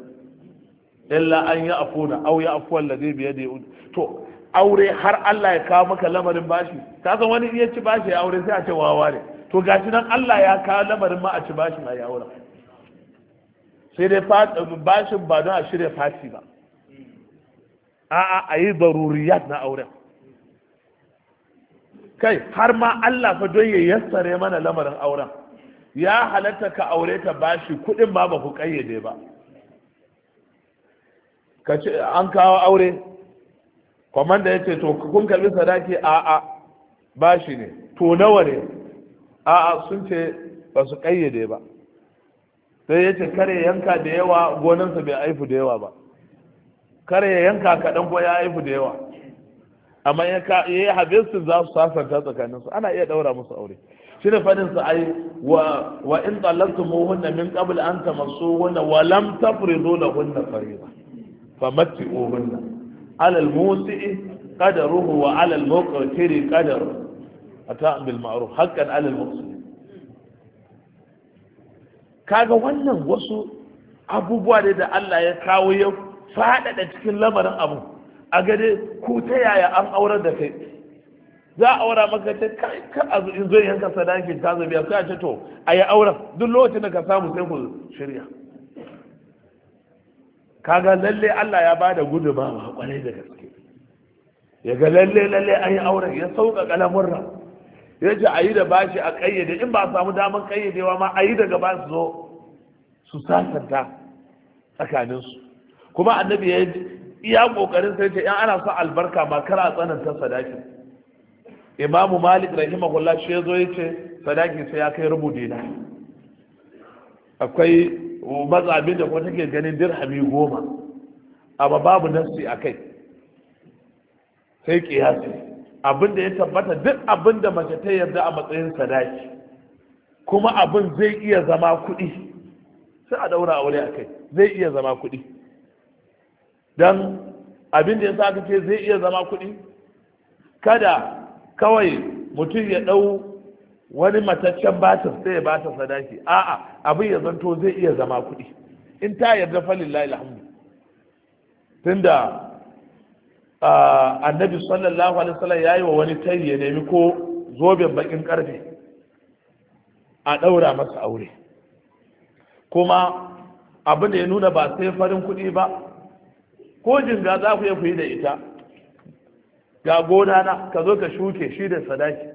illa an ya afuna aw ya afu alladhi bi yadi to aure har Allah ya kawo maka lamarin bashi ta san wani iya ci bashi ya aure sai a ce wawa ne to gashi nan Allah ya kawo lamarin ma a ci bashi a ya aure sai dai um, bashin ba don a shirya fati ba a'a a yi zaruriyat na auren kai har ma Allah fa don ya yassare mana lamarin auren ya halatta ka aure ta bashi kuɗin ma ba ku kayyade ba ka ce an kawo aure kwamanda ya ce to kun karbi sadaki a bashi ne to nawa ne a'a sun ce ba su kayyade ba sai ya ce kare yanka da yawa gonansa bai aifu da yawa ba kare ya yanka kaɗan ko ya aifu da yawa amma ya yi habestin za su sasanta tsakaninsu ana iya ɗaura musu aure shi ne fadin su ai wa in in mu hunna min qabl an tamassuhunna wa lam tafridu lahunna fariida famatti'uhunna ala al-musi'i qadaruhu wa ala al-muqtiri qadaruhu ata bil ma'ruf hakan alal al kaga wannan wasu abubuwa ne da Allah ya kawo ya faɗaɗa cikin lamarin abu a gade ku ta yaya an aurar da kai za a aura maka ta kai ka a in zo yanka sadakin ta zabiya sai a ce to a yi auren duk lokacin da ka samu sai ku shirya kaga lalle Allah ya ba da gudumawa kwarai da gaske ya lalle lalle an yi auren ya sauƙaƙa lamurra ya ce a yi da bashi a kayyade in ba a samu daman kayyadewa ma a yi daga ba su zo su sasanta tsakaninsu kuma annabi ya iya kokarin sai ce 'yan ana son albarka ma kar a tsananta sadaki imamu malik rahimahullah shi ya zo ya ce sadaki sai ya kai rubu dina akwai matsabin da kuma take ganin dirhami goma amma babu nasi a kai sai kiyasi abin da ya tabbata duk abin da mace ta yarda a matsayin sadaki kuma abin zai iya zama kuɗi sai a daura aure a kai zai iya zama kuɗi don abin da ya sa aka zai iya zama kuɗi kada kawai mutum ya ɗau wani mataccen batin sai ya bata sadaki a'a abin ya zanto zai iya zama kuɗi in ta yarda falin Tun tunda annabi sallallahu alaihi wasallam yayi wa wani tayi ya nemi ko zobe bakin karfe a daura masa aure kuma abin da ya nuna ba sai farin kuɗi ba ko jinga za ku yi da ita ga gona na ka zo ka shuke shi da sadaki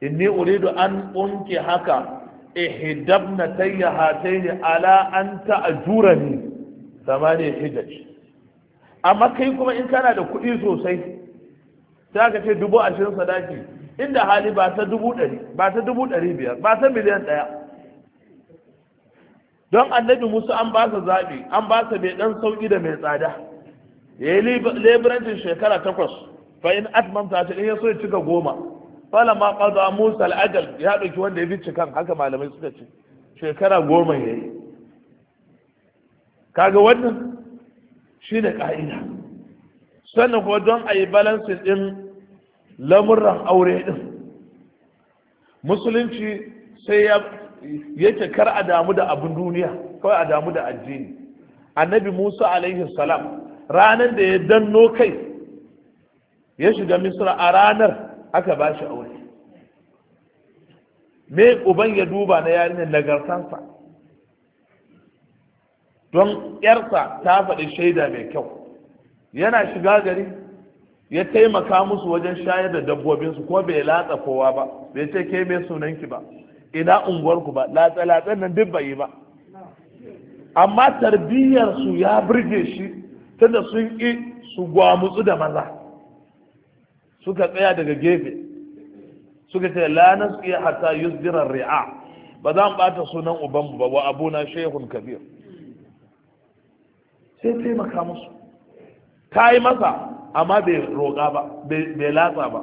inni uridu an unki haka ihdabna tayya hataini ala an zamani samani hijaj amma kai kuma in kana da kuɗi sosai sai aka ce dubu ashirin sadaki inda hali ba ta dubu ɗari ba ta dubu ɗari biyar ba ta miliyan ɗaya don annabi musu an ba sa zaɓi an ba sa mai ɗan sauƙi da mai tsada ya yi leburancin shekara takwas fa in atman ta ya so ya cika goma fala ma a musa al'adal ya ɗauki wanda ya fi cikan haka malamai suka ce shekara goma ya yi kaga wannan shi da ƙa'ida sannan ko don a yi balansin ɗin lamurran aure ɗin musulunci sai ya yake kar a damu da abin duniya kawai a damu da addini annabi musa alaihi salam ranar da ya danno kai ya shiga misra a ranar aka ba shi aure me uban ya duba na yarinyar nagartansa don yarsa ta faɗi shaida mai kyau yana shiga gari ya taimaka musu wajen shayar da dabbobinsu ko bai latsa kowa ba bai ce ke mai sunanki ba ina unguwarku ba latsa latsa nan duk bai yi ba amma tarbiyyarsu ya burge shi tunda sun ƙi su gwamutsu da maza suka tsaya daga gefe suka ce lanas iya hata yuzdirar ri'a ba za mu bata sunan ubanmu ba wa abuna shehun kabir sai taimaka musu ta yi masa amma bai roƙa ba bai latsa ba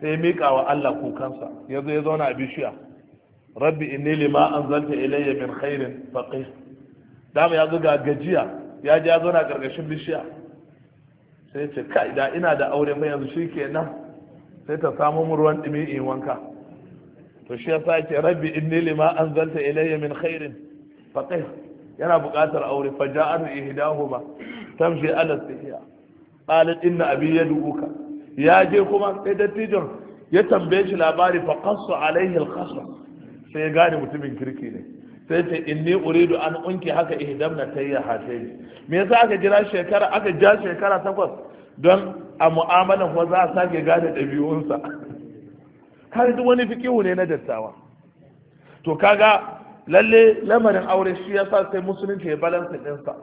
sai miƙa wa Allah kukansa ya zo ya zauna a bishiya rabbi inni lima an zanta ilayya min khairin faqih dama ya zo ga gajiya ya ji ya zauna karkashin bishiya sai ce kai da ina da aure mai yanzu shikenan sai ta samu mu ruwan dumi in wanka to shi yasa yake rabbi inni lima an zanta ilayya min khairin faqih yana buƙatar aure fa ja'at ihdahuma tamshi ala istihiya qalat inna abi yad'uka ya je kuma sai dattijon ya tambaye shi labari fa qassu alaihi al sai ya gane mutumin kirki ne sai ce inni uridu an unki haka ihdamna tayya hatayi me yasa aka jira shekara aka ja shekara takwas don a mu'amalan kuma za a sake gane ɗabi'unsa har duk wani fikihu ne na dattawa to kaga lalle lamarin aure shi yasa sai musulunci ya balansa ɗinsa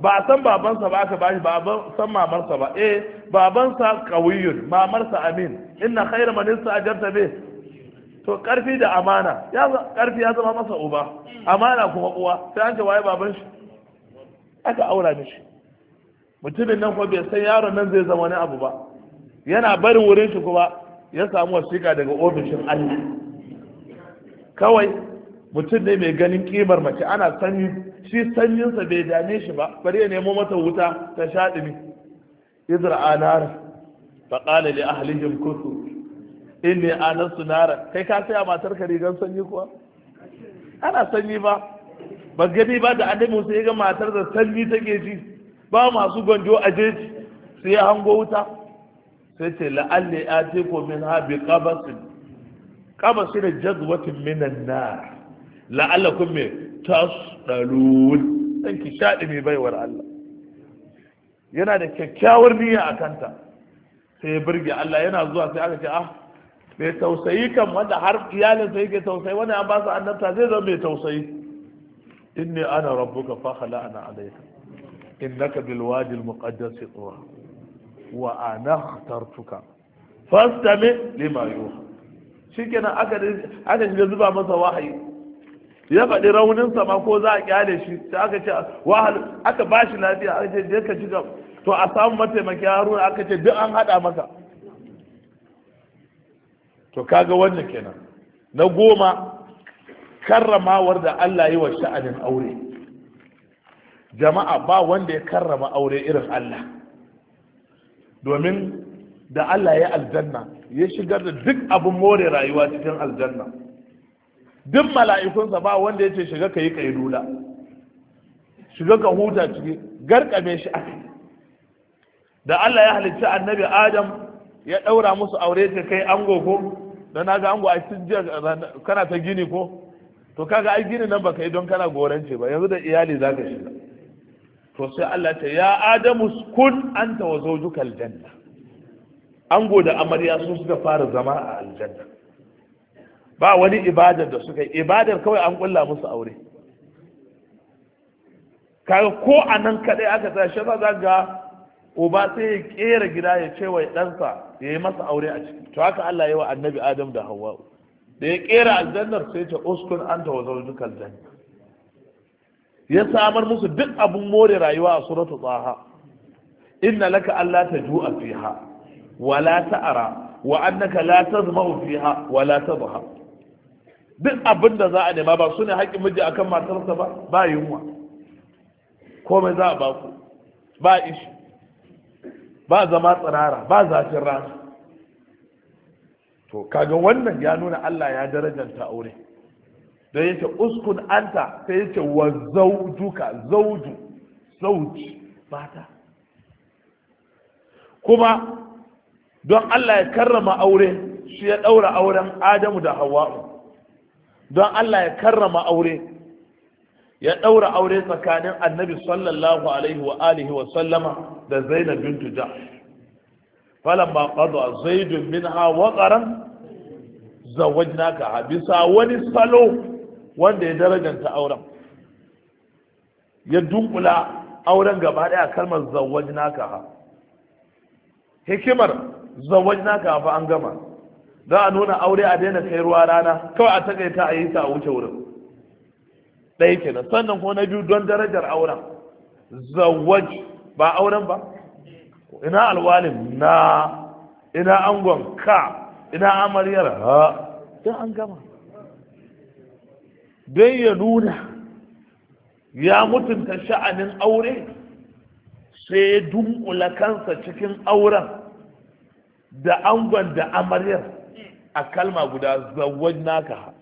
ba a san babansa ba aka bashi ba san mamarsa ba eh babansa kawiyun mamarsa amin inna khayra man istajarta be to karfi da amana ya karfi ya zama masa uba amana kuma uwa sai an ce waye baban shi aka aura mishi mutumin nan ko bai san yaron nan zai zama wani abu ba yana barin wurin shi kuma ya samu wasiƙa daga ofishin Allah kawai mutum ne mai ganin kimar mace ana sanyi shi sanyinsa bai dame shi ba bari ya nemo mata wuta ta sha dumi izra anar fa qala li ahlihim kusu inni su nara kai ka saya matar ka rigan sanyi kuwa ana sanyi ba ba gani ba da annabi Musa ya ga matar da sanyi take ji ba masu gwanjo a jeji sai ya hango wuta sai ce la'alli atiku min ha bi qabasin kama su da jazwatin minan na la'allakum me tasdalun dan ki shaɗi mai baiwar Allah yana da kyakkyawar niyya a kanta sai ya burge Allah yana zuwa sai aka ce ah mai tausayi kan wanda har iyalin yake tausayi wanda an ba su annabta zai zama mai tausayi inni ana rabbuka fakhala ana alayka innaka bil wadi al muqaddas wa ana ikhtartuka fastami lima yuha shikenan aka aka shiga zuba masa wahayi ya faɗi raunin ma ko za a kyale shi ta aka ce wahal aka ba shi lafiya aka ce je ka shiga to a samu mataimaki haruna aka ce duk an haɗa maka to kaga wannan kenan na goma karramawar da Allah yi wa sha'anin aure jama'a ba wanda ya karrama aure irin Allah domin da Allah ya aljanna ya shigar da duk abin more rayuwa cikin aljanna duk mala'ikunsa ba wanda ya ce shiga ka yi kailula shiga ka huta ciki garkame shi ake da Allah ya halicci annabi Adam ya daura musu aure ta kai ango ko da na ga ango a cikin jiya kana ta gini ko to kaga ai gini nan baka yi don kana gorance ba yanzu da iyali za shiga to sai Allah ta ya Adamu kun anta wa zawjuka aljanna ango da amarya sun suka fara zama a aljanna ba wani ibadar da suka yi ibadar kawai an kulla musu aure kaga ko a nan kaɗai aka sa shi zan ga uba sai ya kera gida ya ce wa ɗansa ya yi masa aure a ciki to haka Allah ya wa annabi Adam da Hawwa da ya kera aljannar sai ta uskun anta wa zawjuka aljanna ya samar musu duk abun more rayuwa a suratu tsaha inna laka Allah ta ju'a fiha wala ta'ara wa annaka la tazma'u fiha wala tadha duk abin da za a nema ba su ne haƙƙin miji akan matarsa ba ba yunwa komai za a ba ku ba ishi ba zama tsirara ba zafin rana to kaga wannan ya nuna Allah ya darajanta aure da yake uskun anta sai yace wa zawjuka zawju zawji mata kuma don Allah ya karrama aure shi ya ɗaura auren Adamu da Hawwa'u don Allah ya karrama aure ya ɗaura aure tsakanin annabi sallallahu alaihi wa alihi wa sallama da Zainab bintu Jahsh ba qada Zaid minha waqaran zawajnaka bisa wani salo wanda ya darajanta auren ya dunkula auren gaba daya kalmar zawajnaka hikimar Zawaj zawajnaka fa an gama za a nuna aure a daina kai ruwa rana kawai a takaita a yi ta a wuce wurin ɗaya kenan sannan ko na biyu don darajar auren zawaj ba auren ba ina alwalin na ina angon ka ina amaryar ha don an gama don ya nuna ya mutunta sha'anin aure sai ya dunkula kansa cikin auren da angon da amaryar a kalma guda zawon naka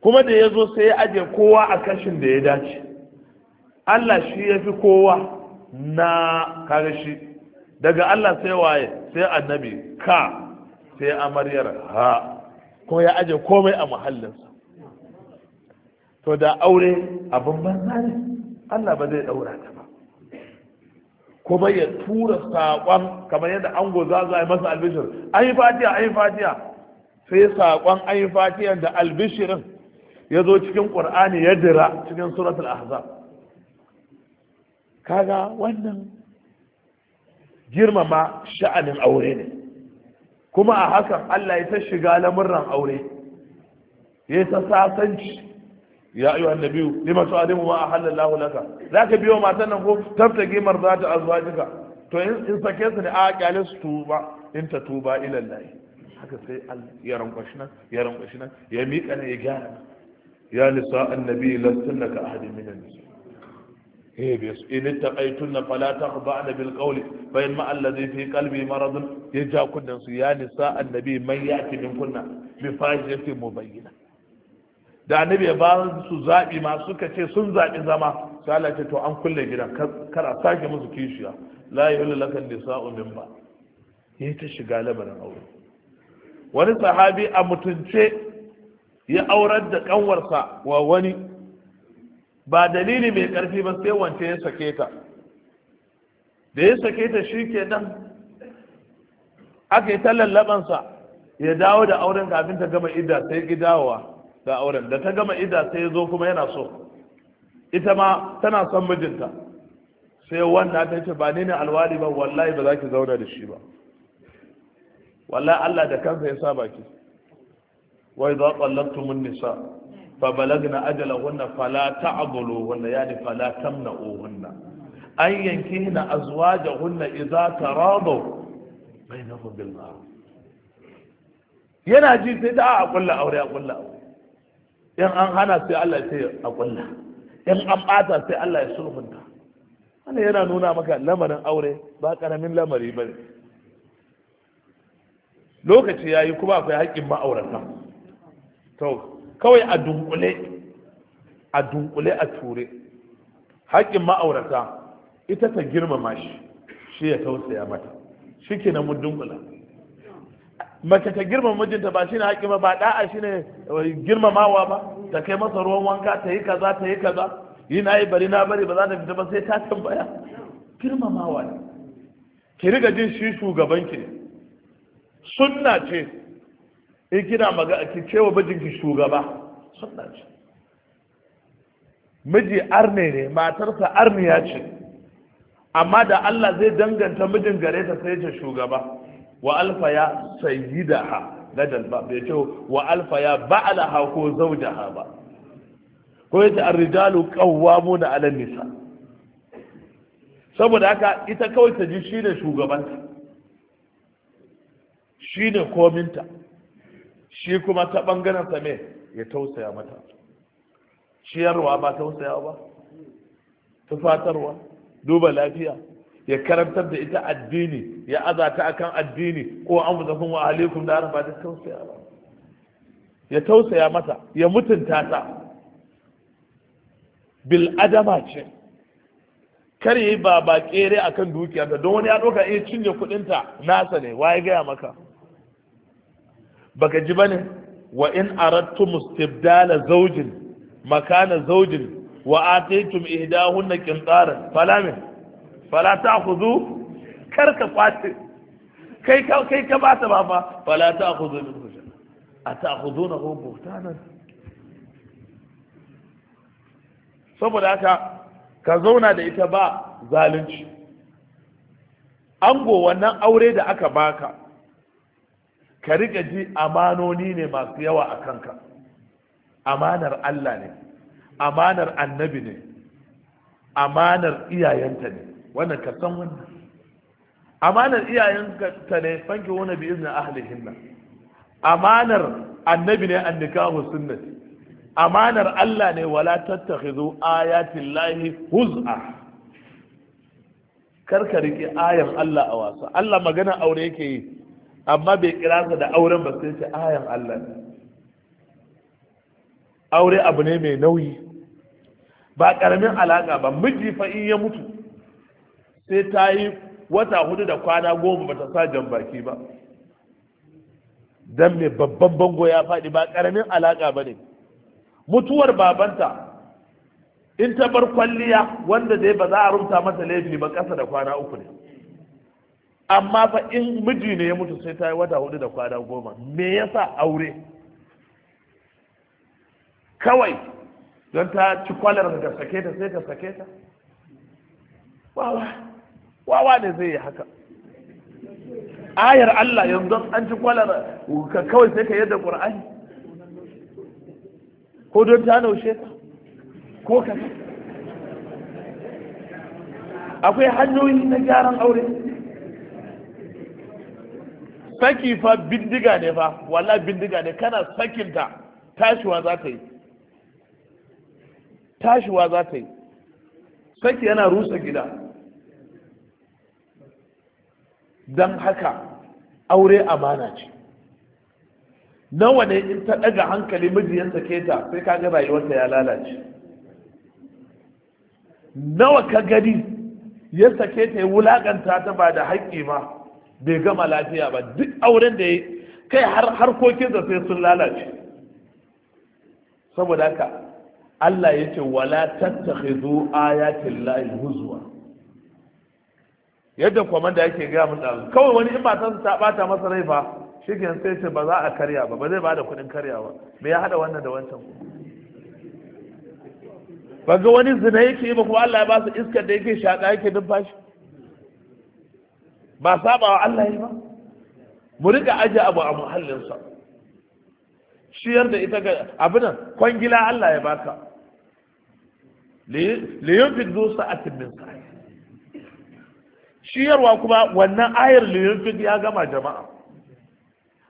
kuma da ya zo sai ya ajiye kowa a kashin da ya dace Allah shi ya fi kowa na kare shi daga Allah sai waye sai annabi ka sai amaryar ha kuma ya ajiye komai a muhallinsa to da aure abin banza ne Allah ba zai daura ta ba kuma ya tura saƙon kamar yadda ango za a yi masa albishir an yi fatiya an yi fatiya sai saƙon an yi fatiya da albishirin ya zo cikin ƙur'ani ya dira cikin suratul ahzab kaga wannan girmama sha'anin aure ne kuma a hakan Allah ya ta shiga lamurran aure ya ta sasanci ya ayu annabiyu lima tu'alimu ma ahallallahu laka zaka biyo matan nan ko tabtagi marzata azwajika to in sake su ne a kyale su tuba in ta tuba ila Allah haka sai Allah ya rankwashi nan ya rankwashi nan ya miƙa ne ya gyara ya nisa annabi lastunna ka ahadin minan nisa هيبس إن اتقيتن فلا تخضعن بالقول فإنما الذي في قلبي مرض يجا كنا يا نساء النبي من يأتي منكن بفاحشة مبينة da annabi ya ba su zaɓi ma suka ce sun zaɓi zama sai Allah ce to an kulle gidan kar a sake musu kishiya la yulu lakan nisa'u min ba yayi ta shiga labarin aure wani sahabi a mutunce ya aurar da kanwarsa wa wani ba dalili mai karfi ba sai wance ya sake ta da ya sake ta shikenan aka yi ta labansa ya dawo da auren kafin ta gama idda sai gidawa da auren da ta gama ida sai ya zo kuma yana so ita ma tana son mijinta sai wanda ta ce ba ni ne alwali ba wallahi ba za ki zauna da shi ba wallahi Allah da kansa ya saba ki wa idza qallaqtumun nisa fa balagna ajalahunna fala ta'dhuluhunna yani fala tamna'uhunna an yankihna azwajahunna idza taradaw bainahum bil ma'ruf yana ji sai da a kulla aure a kulla aure in an hana sai Allah ya sai a kulla in an bata sai Allah ya sulhunta wannan yana nuna maka lamarin aure ba karamin lamari ba lokaci ya yi kuma akwai haƙƙin ma'aurata to kawai a dunkule a dunkule a ture haƙƙin ma'aurata ita ta girmama shi shi ya tausaya mata shi ke na mu dunkula mace ta girmama mijinta ba shine haƙi ba ba ne shine girmamawa ba ta kai masa ruwan wanka ta yi kaza ta yi kaza yi na yi bari na bari ba za ta fita ba sai ta tambaya girmamawa ne ki riga jin shi shugaban ki sunna ce in kina magana ki cewa mijinki shugaba sunna ce miji arne ne matarsa arniya ce amma da Allah zai danganta mijin gare ta sai ta shugaba wa alfa ya ha gadal ba bai ce wa alfa ya ha ko ha ba ko yace ar-rijalu qawwamuna 'ala nisa saboda haka ita kawai ta ji shi shugabanta ne kominta shi kuma ta bangaren sa me ya tausaya mata ciyarwa ba tausayawa ba tufatarwa duba lafiya ya karantar da ita addini ya azata akan addini ko an zafin kuma alaikum da arafa ta tausaya ya tausaya mata ya mutunta ta bil adama ce kar yi ba ba kere akan ta don wani ya ɗauka iya cinye ta nasa ne waye gaya maka baka ji bane wa in aradtum istibdala zawjin makana zawjin wa ataytum ihdahunna qintaran fala fala ta ku kar ka kwace kai ka kai ka ba ta ba fa fala ta khudu min hujja ata'khudunahu buhtanan saboda haka ka zauna da ita ba zalunci ango wannan aure da aka baka ka riƙa ji amanoni ne masu yawa a kanka amanar Allah ne amanar annabi ne amanar iyayenta ne wannan ka san wannan amanar iyayen ka ne fanki wani bi izinin ahlihin nan amanar annabi ne an nikahu sunnati amanar Allah ne wala tattakhizu ayatin lahi huz'a karka rike ayan Allah a wasa Allah magana aure yake yi amma bai kira sa da auren ba sai ce ayan Allah ne aure abu ne mai nauyi ba karamin alaka ba miji fa in ya mutu sai ta yi wata hudu da kwana goma ba ta sa jan baki ba dan mai babban bango ya faɗi ba ƙaramin alaƙa ba ne mutuwar babanta in ta bar kwalliya wanda dai ba za a rumta mata laifi ba ƙasa da kwana uku ne amma fa in miji ne ya mutu sai ta yi wata hudu da kwana goma me yasa aure kawai don ta ci kwalar da sake ta sai ta sake ta wawa wawa ne zai yi haka ayar Allah yanzu an ci kwalar ka kawai sai ka yadda ƙwar'ani ko don ta naushe ko ka akwai hanyoyi na gyaran aure saki fa bindiga ne fa wala bindiga ne kana sakinta tashiwa za ta yi tashiwa za ta yi saki yana rusa gida don haka aure amana ce nawa ne in ta ɗaga hankali mijiyan sake ta sai ka ga rayuwarta ya lalace nawa ka gani ya sake ta ya wulaƙanta ta ba da haƙƙi ma bai gama lafiya ba duk auren da ya kai har harkokin da sai sun lalace saboda haka Allah ya ce wala tattakhizu ayatin lahi huzwa yadda kwamanda yake gaya mun ɗazu kawai wani in matansa ta bata masa rai fa shike sai ce ba za a karya ba ba zai ba da kuɗin karya ba me ya haɗa wannan da wancan ba ga wani zina yake yi ba kuma Allah ya ba su iskar da yake shaƙa yake numfashi ba saba wa Allah yi ba mu riga aje abu a muhallinsa ciyar da ita ga abinan kwangila Allah ya baka li yunfik dusa sa'atin min sa'i ciyarwa kuma wannan ayar liyunfin ya gama jama'a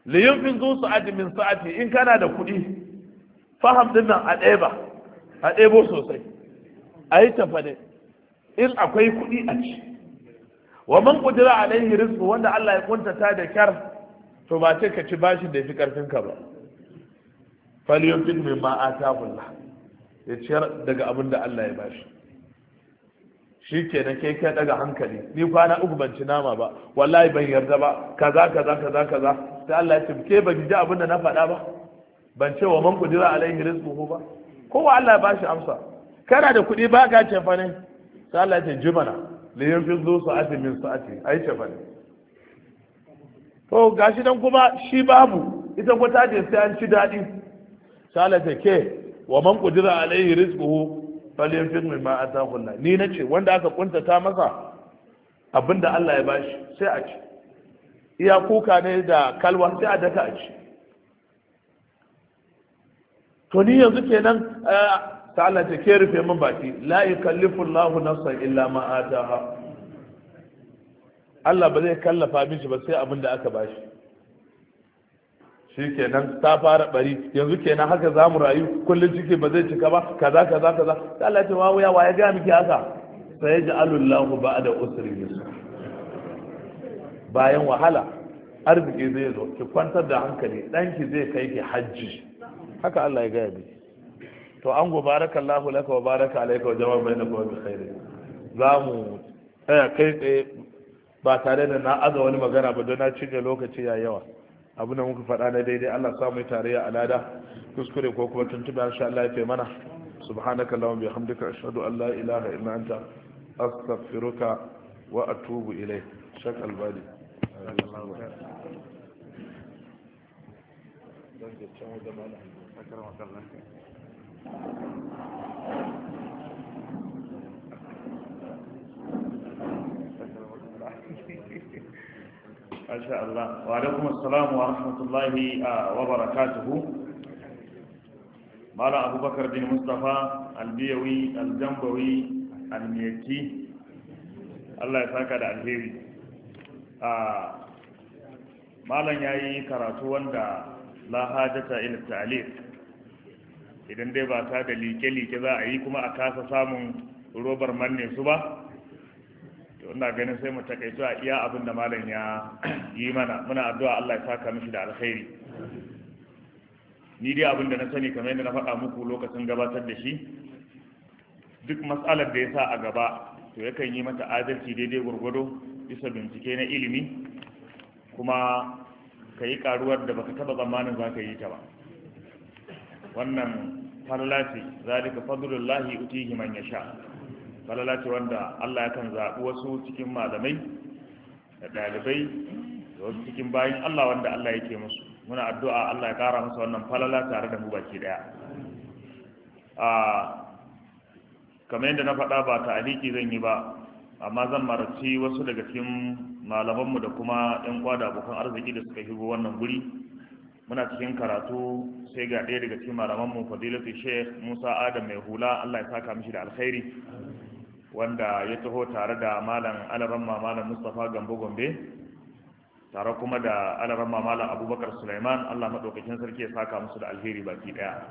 liyunfin zo su aji min sa'ati in kana da kuɗi faham din nan a ɗeba a ɗebo sosai a yi tafade, in akwai kuɗi a ci wa man ɗan alaihi rizqu wanda Allah ya kuntata da kyar to ba ce ka ci bashi da yafi karfin ka ba falyunfin ma'a ta Allah ya ciyar daga abin da Allah ya bashi shi ke na ke kai daga hankali ni kwana uku ban ci nama ba wallahi ban yarda ba kaza kaza kaza kaza sai Allah ya ce ke ban ji abin da na faɗa ba ban ce wa man kudira alaihi rizquhu ba wa Allah ya bashi amsa kana da kuɗi ba ka ce fa ne sai Allah ya ce jimana li yanfizu sa'ati min sa'ati ai ce fa ne to gashi dan kuma shi babu ita kwata ce sai an ci Allah ya ta ke wa man kudira alaihi rizquhu falin filmin ma a kunna. ni na ce wanda aka kuntata masa abinda Allah ya bashi sai a ci iya kuka ne da kalwa sai a daka a ci to ni yanzu kenan eh, ta Allah ta ke rufe min baki la yukallifu Allahu nafsan illa ma ataha Allah ba zai kallafa miji ba sai da aka bashi shikenan ta fara bari yanzu kenan haka za mu rayu kullum ciki ba zai cika ba kaza kaza kaza da Allah ce wa ya ga miki haka sai ji alullahu ba'da usri bayan wahala arziki zai zo ki kwantar da hankali danki zai kai ki hajji haka Allah ya gaya miki to an go barakallahu laka wa baraka alayka wa jama'a bainaka bi khairi za mu kai tsaye ba tare da na aza wani magana ba don na cinye lokaci ya yawa abin da muka faɗa na daidai Allah samu yi tarayya a lada kuskure ko kuma tuntuɓe an sha Allah ya fi mana subhanaka lahum bihamdika ashhadu an la ilaha illa anta astaghfiruka wa atubu ilayk shak albadi Asha Allah wa alaikum wa rahmatullahi uh, wa barakatuhu mala abubakar bin mustafa albiyawi aljambawi almiyaki Allah ya saka da alheri uh, malam ya yi karatu wanda la hajata ila ta'alif idan dai ba ta da like-like za a yi kuma a kasa samun robar manne su ba ina ganin sai mu takaitu a iya abin da malam ya yi mana muna addu'a Allah ya saka mishi da alkhairi ni dai abin da na sani kamar yadda na faɗa muku lokacin gabatar da shi duk matsalar da ya sa a gaba to yakan yi mata adalci daidai gwargwado bisa bincike na ilimi kuma ka yi karuwar da baka taba tsammanin za ka yi ta ba wannan fallaci zalika fadlullahi utihi man yasha falala ce wanda Allah ya kan zaɓi wasu cikin malamai da ɗalibai da wasu cikin bayan Allah wanda Allah yake musu muna addu'a Allah ya ƙara musu wannan falala tare da mu baki ɗaya a kamar yadda na faɗa ba ta aliki zan yi ba amma zan marci wasu daga cikin malamanmu da kuma ɗan da abokan arziki da suka shigo wannan guri muna cikin karatu sai ga ɗaya daga cikin malamanmu fadilatu sheikh musa adam mai hula allah ya saka mishi da alkhairi wanda ya taho tare da malam alaban malam mustapha gambo gombe tare kuma da alaban malam abubakar sulaiman allah maɗaukakin sarki ya saka musu da alheri baki ɗaya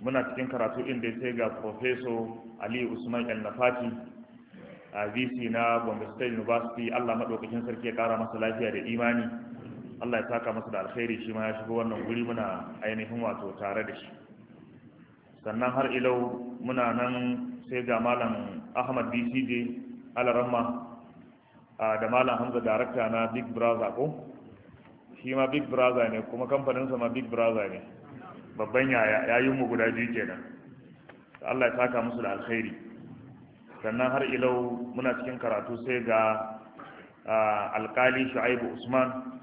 muna cikin karatu inda ya sai ga profeso ali usman el nafati a vc na gombe state university allah maɗaukakin sarki ya ƙara masa lafiya da imani allah ya saka masa da alheri shi ma ya shigo wannan guri muna ainihin wato tare da shi sannan har ilau muna nan sai ga malam ahmad bcj alarama da malam hamza darakta na big brother ko shi ma big brother ne kuma kamfaninsa ma big brother ne babban yaya yayin mu guda biyu kenan Allah ya taka musu da alkhairi sannan har ilau muna cikin karatu sai ga alkali shu'aibu usman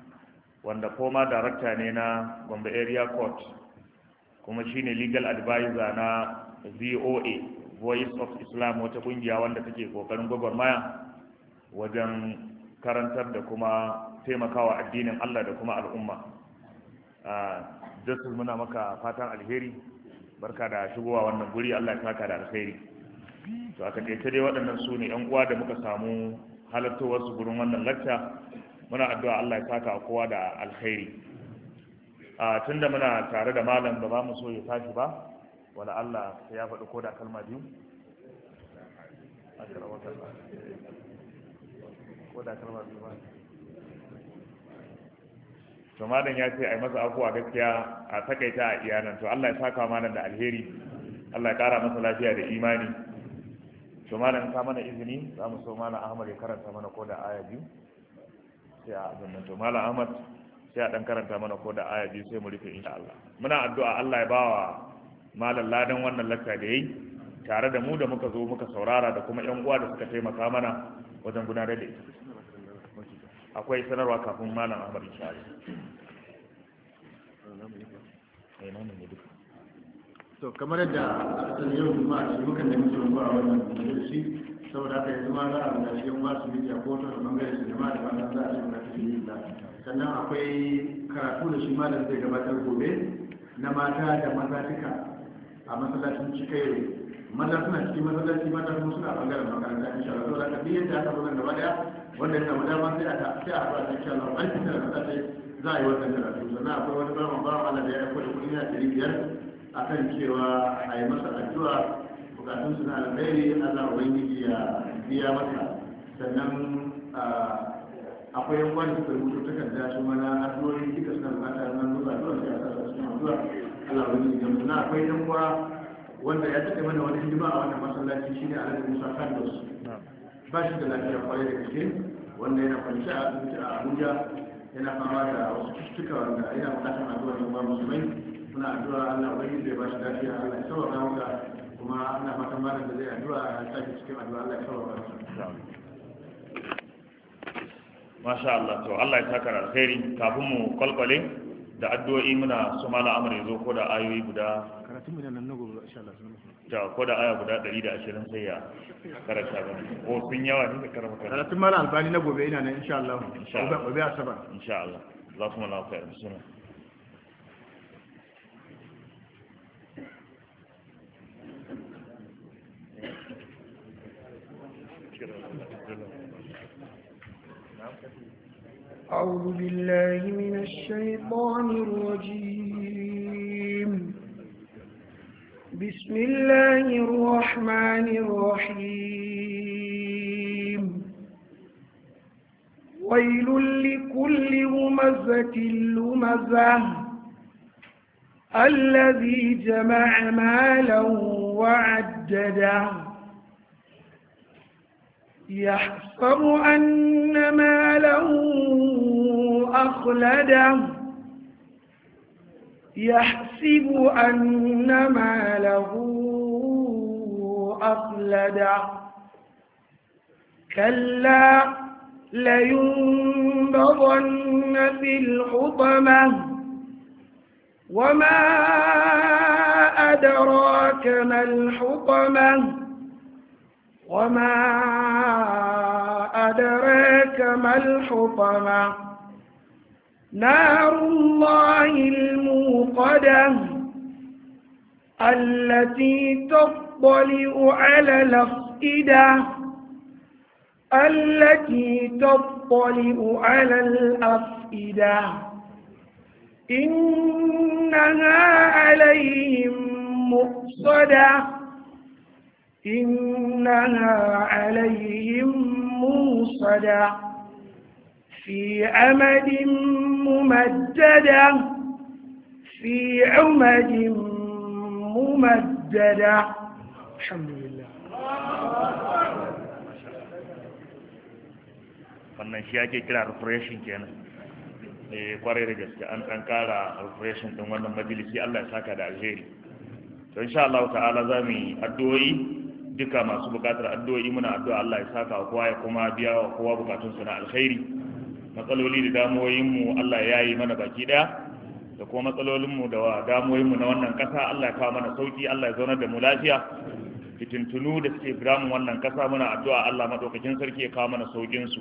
wanda koma darakta ne na gombe area court kuma shine legal advisor na voa voice of islam wata kungiya wanda take kokarin gwagwarmaya wajen karantar da kuma taimakawa addinin allah da kuma al'umma ah, jasus muna maka fatan alheri barka da shigowa wannan guri allah ya saka da alheri to aka taita dai waɗannan su ne yan uwa da muka samu halattowar su gurin wannan lacca muna addu'a allah ya saka kowa da alheri ah, tunda muna tare da malam ba mu so ya tashi ba wala Allah ya faɗi ko da kalma biyu ko da kalma biyu ba to malam ya ce a yi masa afuwa gaskiya a takaita a iyanan to Allah ya saka malam da alheri Allah ya kara masa lafiya da imani to malam ka mana izini za mu so malam Ahmad ya karanta mana ko da aya biyu sai a zanna to malam Ahmad sai a dan karanta mana ko da aya biyu sai mu rufe insha Allah muna addu'a Allah ya bawa malam ladan wannan lakka da yayi tare da mu da muka zo muka saurara da kuma yan uwa da suka taimaka mana wajen gudanar da ita akwai sanarwa kafin malam Ahmad insha eh, to kamar yadda asali yau kuma a cikin kan da mutum ba a wannan shi saboda haka yanzu ma za a rubuta cikin masu mijiya ko ta da bangare su jama'a da wannan za a ce shi cikin da sannan akwai karatu da shi malam zai gabatar gobe na mata da maza duka a masallacin cikaye maza suna cikin masallaci mata kuma suna bangaren makaranta in sha Allah saboda kadai yadda aka zo gaba daya wanda yana samu dama sai aka sai a fara insha Allah an barkin da ta sai za a yi wannan karatu sannan akwai wani bawan bawan Allah da ya aiko da kuɗi na ɗari biyar akan cewa a yi masa addu'a bukatun suna da bayani Allah ubangiji ya biya masa sannan akwai wani da rubutu takarda su mana addu'o'i duka suna bukata nan zuwa zuwa sai a sa su cikin addu'a Allah idan muna akwai dan wanda ya taɓa mana wani hidima a wannan masallaci shine Alhaji Musa Kandos ba shi da lafiya kwarai da gaske wanda yana kwanci a asibiti a Abuja yana fama da wasu cututtuka wanda yana bukatar addu'a ne ba musulmai muna addu'a Allah wani zai ba shi lafiya Allah ya kuma ana malam da zai addu'a ya sake cikin addu'a Allah ya masha Allah to Allah ya saka kafin mu kwalkwale da addu'o'i muna su na amur yanzu ko da ayoyi guda karatun nan na insha Allah ta ko da aya guda 120 sai ya karanta ba ko sun yawa ne da karanta karatun mala albani na gobe ina nan insha Allah gobe asabar insha Allah zakumullahu khairan sunan أعوذ بالله من الشيطان الرجيم بسم الله الرحمن الرحيم ويل لكل همزة لمزة الذي جمع مالا وعدده يحسب أن ماله أخلده يحسب أن ماله أخلده كلا لينبضن في الحطمة وما أدراك ما الحطمة وما أدراك ما الحطمة نار الله الموقدة التي تطلع على الأفئدة التي تطلع على الأفئدة إنها عليهم مؤصدة إنها عليهم موصدة في أمد ممددة في عمد ممددة الحمد لله wannan shi ake kira refreshing kenan eh kwarai da gaske an dan kara refreshing din wannan majalisi Allah ya saka da alheri to insha Allah ta'ala za mu yi addu'o'i duka masu bukatar addu'o'i muna addu'a Allah ya saka wa kowa ya kuma biya wa kowa bukatunsa na alkhairi matsaloli da damuwoyinmu Allah ya yi mana baki daya da kuma matsalolinmu da damuwoyinmu na wannan kasa Allah ya kawo mana sauki Allah ya zaunar da mu lafiya fitintunu da suke biramun wannan kasa muna addu'a Allah madaukakin sarki ya kawo mana saukin su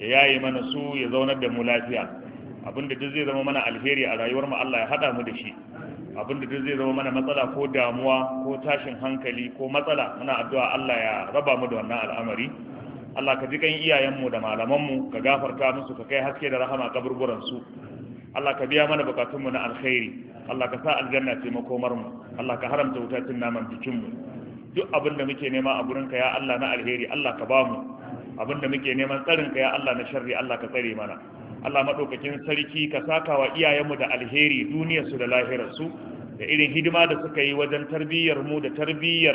ya yaye mana su ya zaunar da mu lafiya abinda duk zai zama mana alheri a rayuwar mu Allah ya hada mu da shi abinda duk zai zama mana matsala ko damuwa ko tashin hankali ko matsala muna addu'a Allah ya raba mu da wannan al'amari Allah ka ji kan iyayenmu da malamanmu ka gafarta musu ka kai haske da rahama kaburburan su Allah ka biya mana bukatunmu na alkhairi Allah ka sa aljanna ce makomar mu Allah ka haramta wuta cin naman bikinmu. mu duk abin da muke nema a gurinka ya Allah na alheri Allah ka bamu abin da muke neman tsarin ka ya Allah na sharri Allah ka tsare mana Allah madaukakin sarki ka saka wa iyayenmu da alheri duniyarsu da lahirarsu da irin hidima da suka yi wajen tarbiyyar mu da tarbiyyar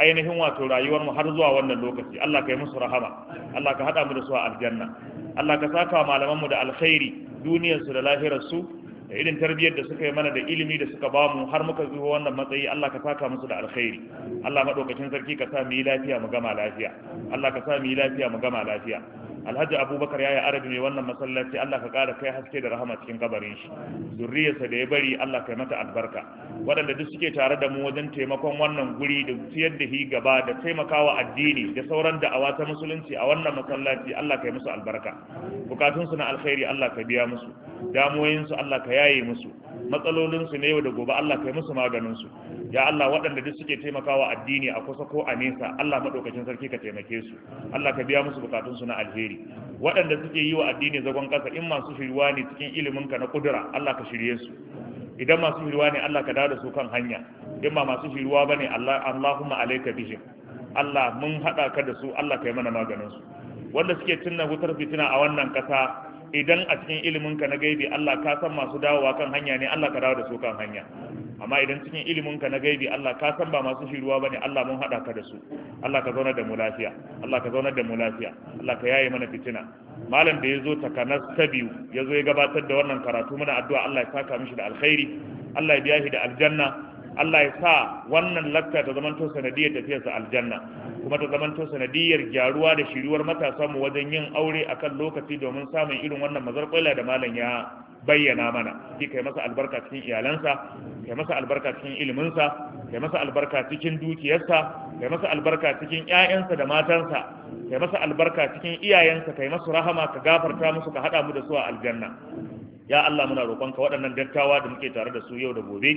ainihin wato rayuwar mu har zuwa wannan lokaci Allah ka yi musu rahama Allah ka hada mu da su a aljanna Allah ka saka wa malaman mu da alkhairi duniyarsu da lahirarsu da irin tarbiyyar da suka yi mana da ilimi da suka ba mu har muka zuwa wannan matsayi Allah ka saka musu da alkhairi Allah madaukakin sarki ka sa mu yi lafiya mu gama lafiya Allah ka sa mu yi lafiya mu gama lafiya alhaji abubakar ya yi arabi mai wannan masallaci allah ka kara kai haske da rahama cikin kabarin shi zurriyarsa da ya bari allah kai mata albarka waɗanda duk suke tare da mu wajen taimakon wannan guri da siyar da gaba da taimakawa addini da sauran da'awa ta musulunci a wannan masallaci allah kai musu albarka bukatunsu na alkhairi allah ka biya musu damuwoyinsu allah ka yaye musu matsalolinsu na yau da gobe allah kai musu maganinsu ya Allah waɗanda duk suke taimakawa addini a kusa ko a nesa Allah madaukakin sarki ka taimake su Allah ka biya musu bukatun su na alheri waɗanda suke yi wa addini zagon ƙasa in masu shirwa ne cikin ilimin ka na kudura Allah ka shirye su idan masu shirwa ne Allah ka dawo da su kan hanya in ba masu shiriwa bane Allah Allahumma alayka bihim Allah mun hada ka da su Allah ka yi mana maganin su wanda suke cinna wutar fitina a wannan ƙasa idan a cikin ilimin ka na gaibi Allah ka san masu dawowa kan hanya ne Allah ka dawo da su kan hanya amma idan cikin ilimin ka na gaibi Allah ka san ba masu shiruwa bane Allah mun hada ka da su Allah ka zauna da mu lafiya Allah ka zauna da mu lafiya Allah ka yaye mana fitina malam da yazo takanas ta biyu yazo ya gabatar da wannan karatu muna addu'a Allah ya saka mishi da alkhairi Allah ya biya shi da aljanna Allah ya sa wannan lakka ta zamanto sanadiyar tafiyarsa aljanna kuma ta zamanto sanadiyar gyaruwa da shiruwar matasa mu wajen yin aure akan lokaci domin samun irin wannan mazarƙwaila da malam ya bayyana mana shi kai masa albarka cikin iyalansa kai masa albarka cikin iliminsa kai masa albarka cikin dukiyarsa kai masa albarka cikin ƴaƴansa da matansa kai masa albarka cikin iyayensa kai masa rahama ka gafarta musu ka hada mu da su a aljanna ya Allah muna roƙonka waɗannan dattawa da muke tare da su yau da gobe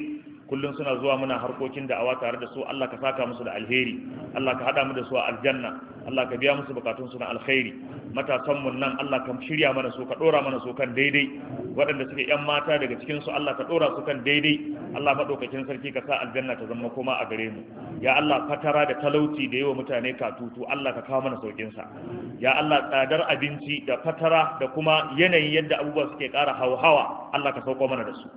kullum suna zuwa muna harkokin da'awa tare da su Allah ka saka musu da alheri Allah ka hada mu da su a aljanna Allah ka biya musu bukatun su na alheri matasan mun nan Allah ka shirya mana su ka dora mana su kan daidai waɗanda suke yan mata daga cikin su Allah ka dora su kan daidai Allah madaukakin sarki ka sa aljanna ta zama koma a gare mu ya Allah fatara da talauci da yawa mutane ka tutu Allah ka kawo mana saukin sa ya Allah tsadar abinci da fatara da kuma yanayin yadda abubuwa suke ƙara hauhawa Allah ka sauko mana da su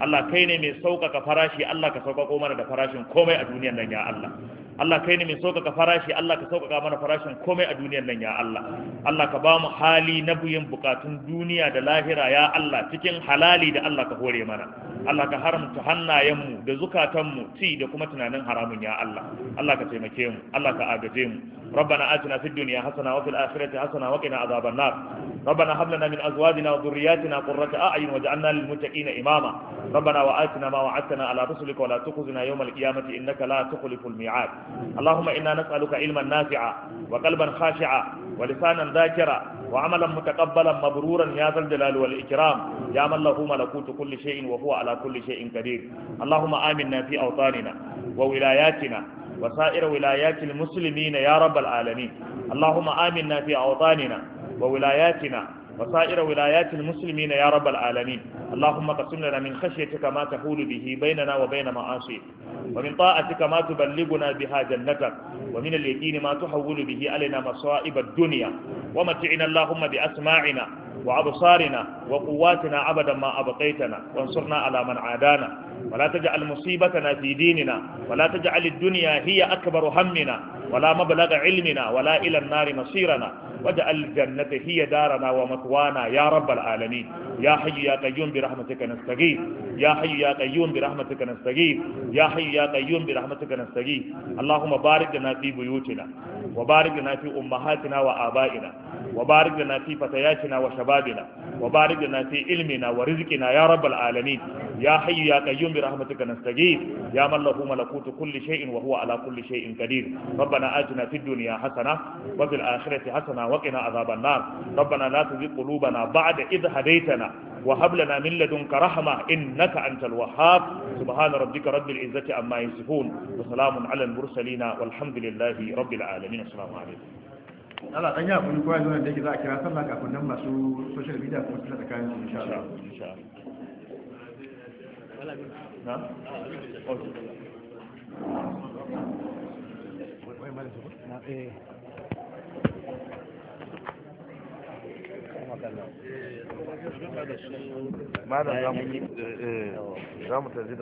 Allah kai ne mai sauƙaƙa farashi Allah ka sauƙaƙo mana da farashin komai a duniyar nan ya Allah Allah kai ne mai sauƙaƙa farashi Allah ka sauƙaƙa mana farashin komai a duniyar nan ya Allah Allah ka ba mu hali na buyin bukatun duniya da lahira ya Allah cikin halali da Allah ka hore mana Allah ka haramta hannayenmu da zukatanmu ci da kuma tunanin haramun ya Allah Allah ka taimake mu Allah ka agaje mu ربنا آتنا في الدنيا حسنة وفي الآخرة حسنة وقنا عذاب النار ربنا هب لنا من أزواجنا وذرياتنا قرة أعين واجعلنا للمتقين إماما ربنا وآتنا ما وعدتنا على رسلك ولا تخزنا يوم القيامة إنك لا تخلف الميعاد اللهم إنا نسألك علما نافعا وقلبا خاشعا ولسانا ذاكرا وعملا متقبلا مبرورا يا ذا الجلال والإكرام يا من له ملكوت كل شيء وهو على كل شيء قدير اللهم آمنا في أوطاننا وولاياتنا وسائر ولايات المسلمين يا رب العالمين اللهم آمنا في أوطاننا وولاياتنا وسائر ولايات المسلمين يا رب العالمين اللهم قسم لنا من خشيتك ما تحول به بيننا وبين معاصيك ومن طاعتك ما تبلغنا بها جنتك ومن اليقين ما تحول به علينا مصائب الدنيا ومتعنا اللهم بأسماعنا وأبصارنا وقواتنا أبدا ما أبقيتنا وانصرنا على من عادانا ولا تجعل مصيبتنا في ديننا ولا تجعل الدنيا هي أكبر همنا ولا مبلغ علمنا ولا إلى النار مصيرنا واجعل الجنة هي دارنا ومثوانا يا رب العالمين يا حي يا قيوم برحمتك نستغيث يا حي يا قيوم برحمتك نستغيث يا حي يا قيوم برحمتك نستغيث اللهم بارك لنا في بيوتنا وبارك لنا في أمهاتنا وآبائنا وبارك لنا في فتياتنا وشبابنا وبارك لنا في علمنا ورزقنا يا رب العالمين يا حي يا قيوم برحمتك نستجيب يا من له ملكوت كل شيء وهو على كل شيء قدير ربنا آتنا في الدنيا حسنة وفي الآخرة حسنة وقنا عذاب النار ربنا لا تزغ قلوبنا بعد إذ هديتنا وهب لنا من لدنك رحمة إنك أنت الوهاب سبحان ربك رب العزة عما يصفون وسلام على المرسلين والحمد لله رب العالمين السلام عليكم Allah dan ya kuni koyar da yake za a kira sallah kafin nan masu social media kuma su ta kayan su insha Allah na? ماذا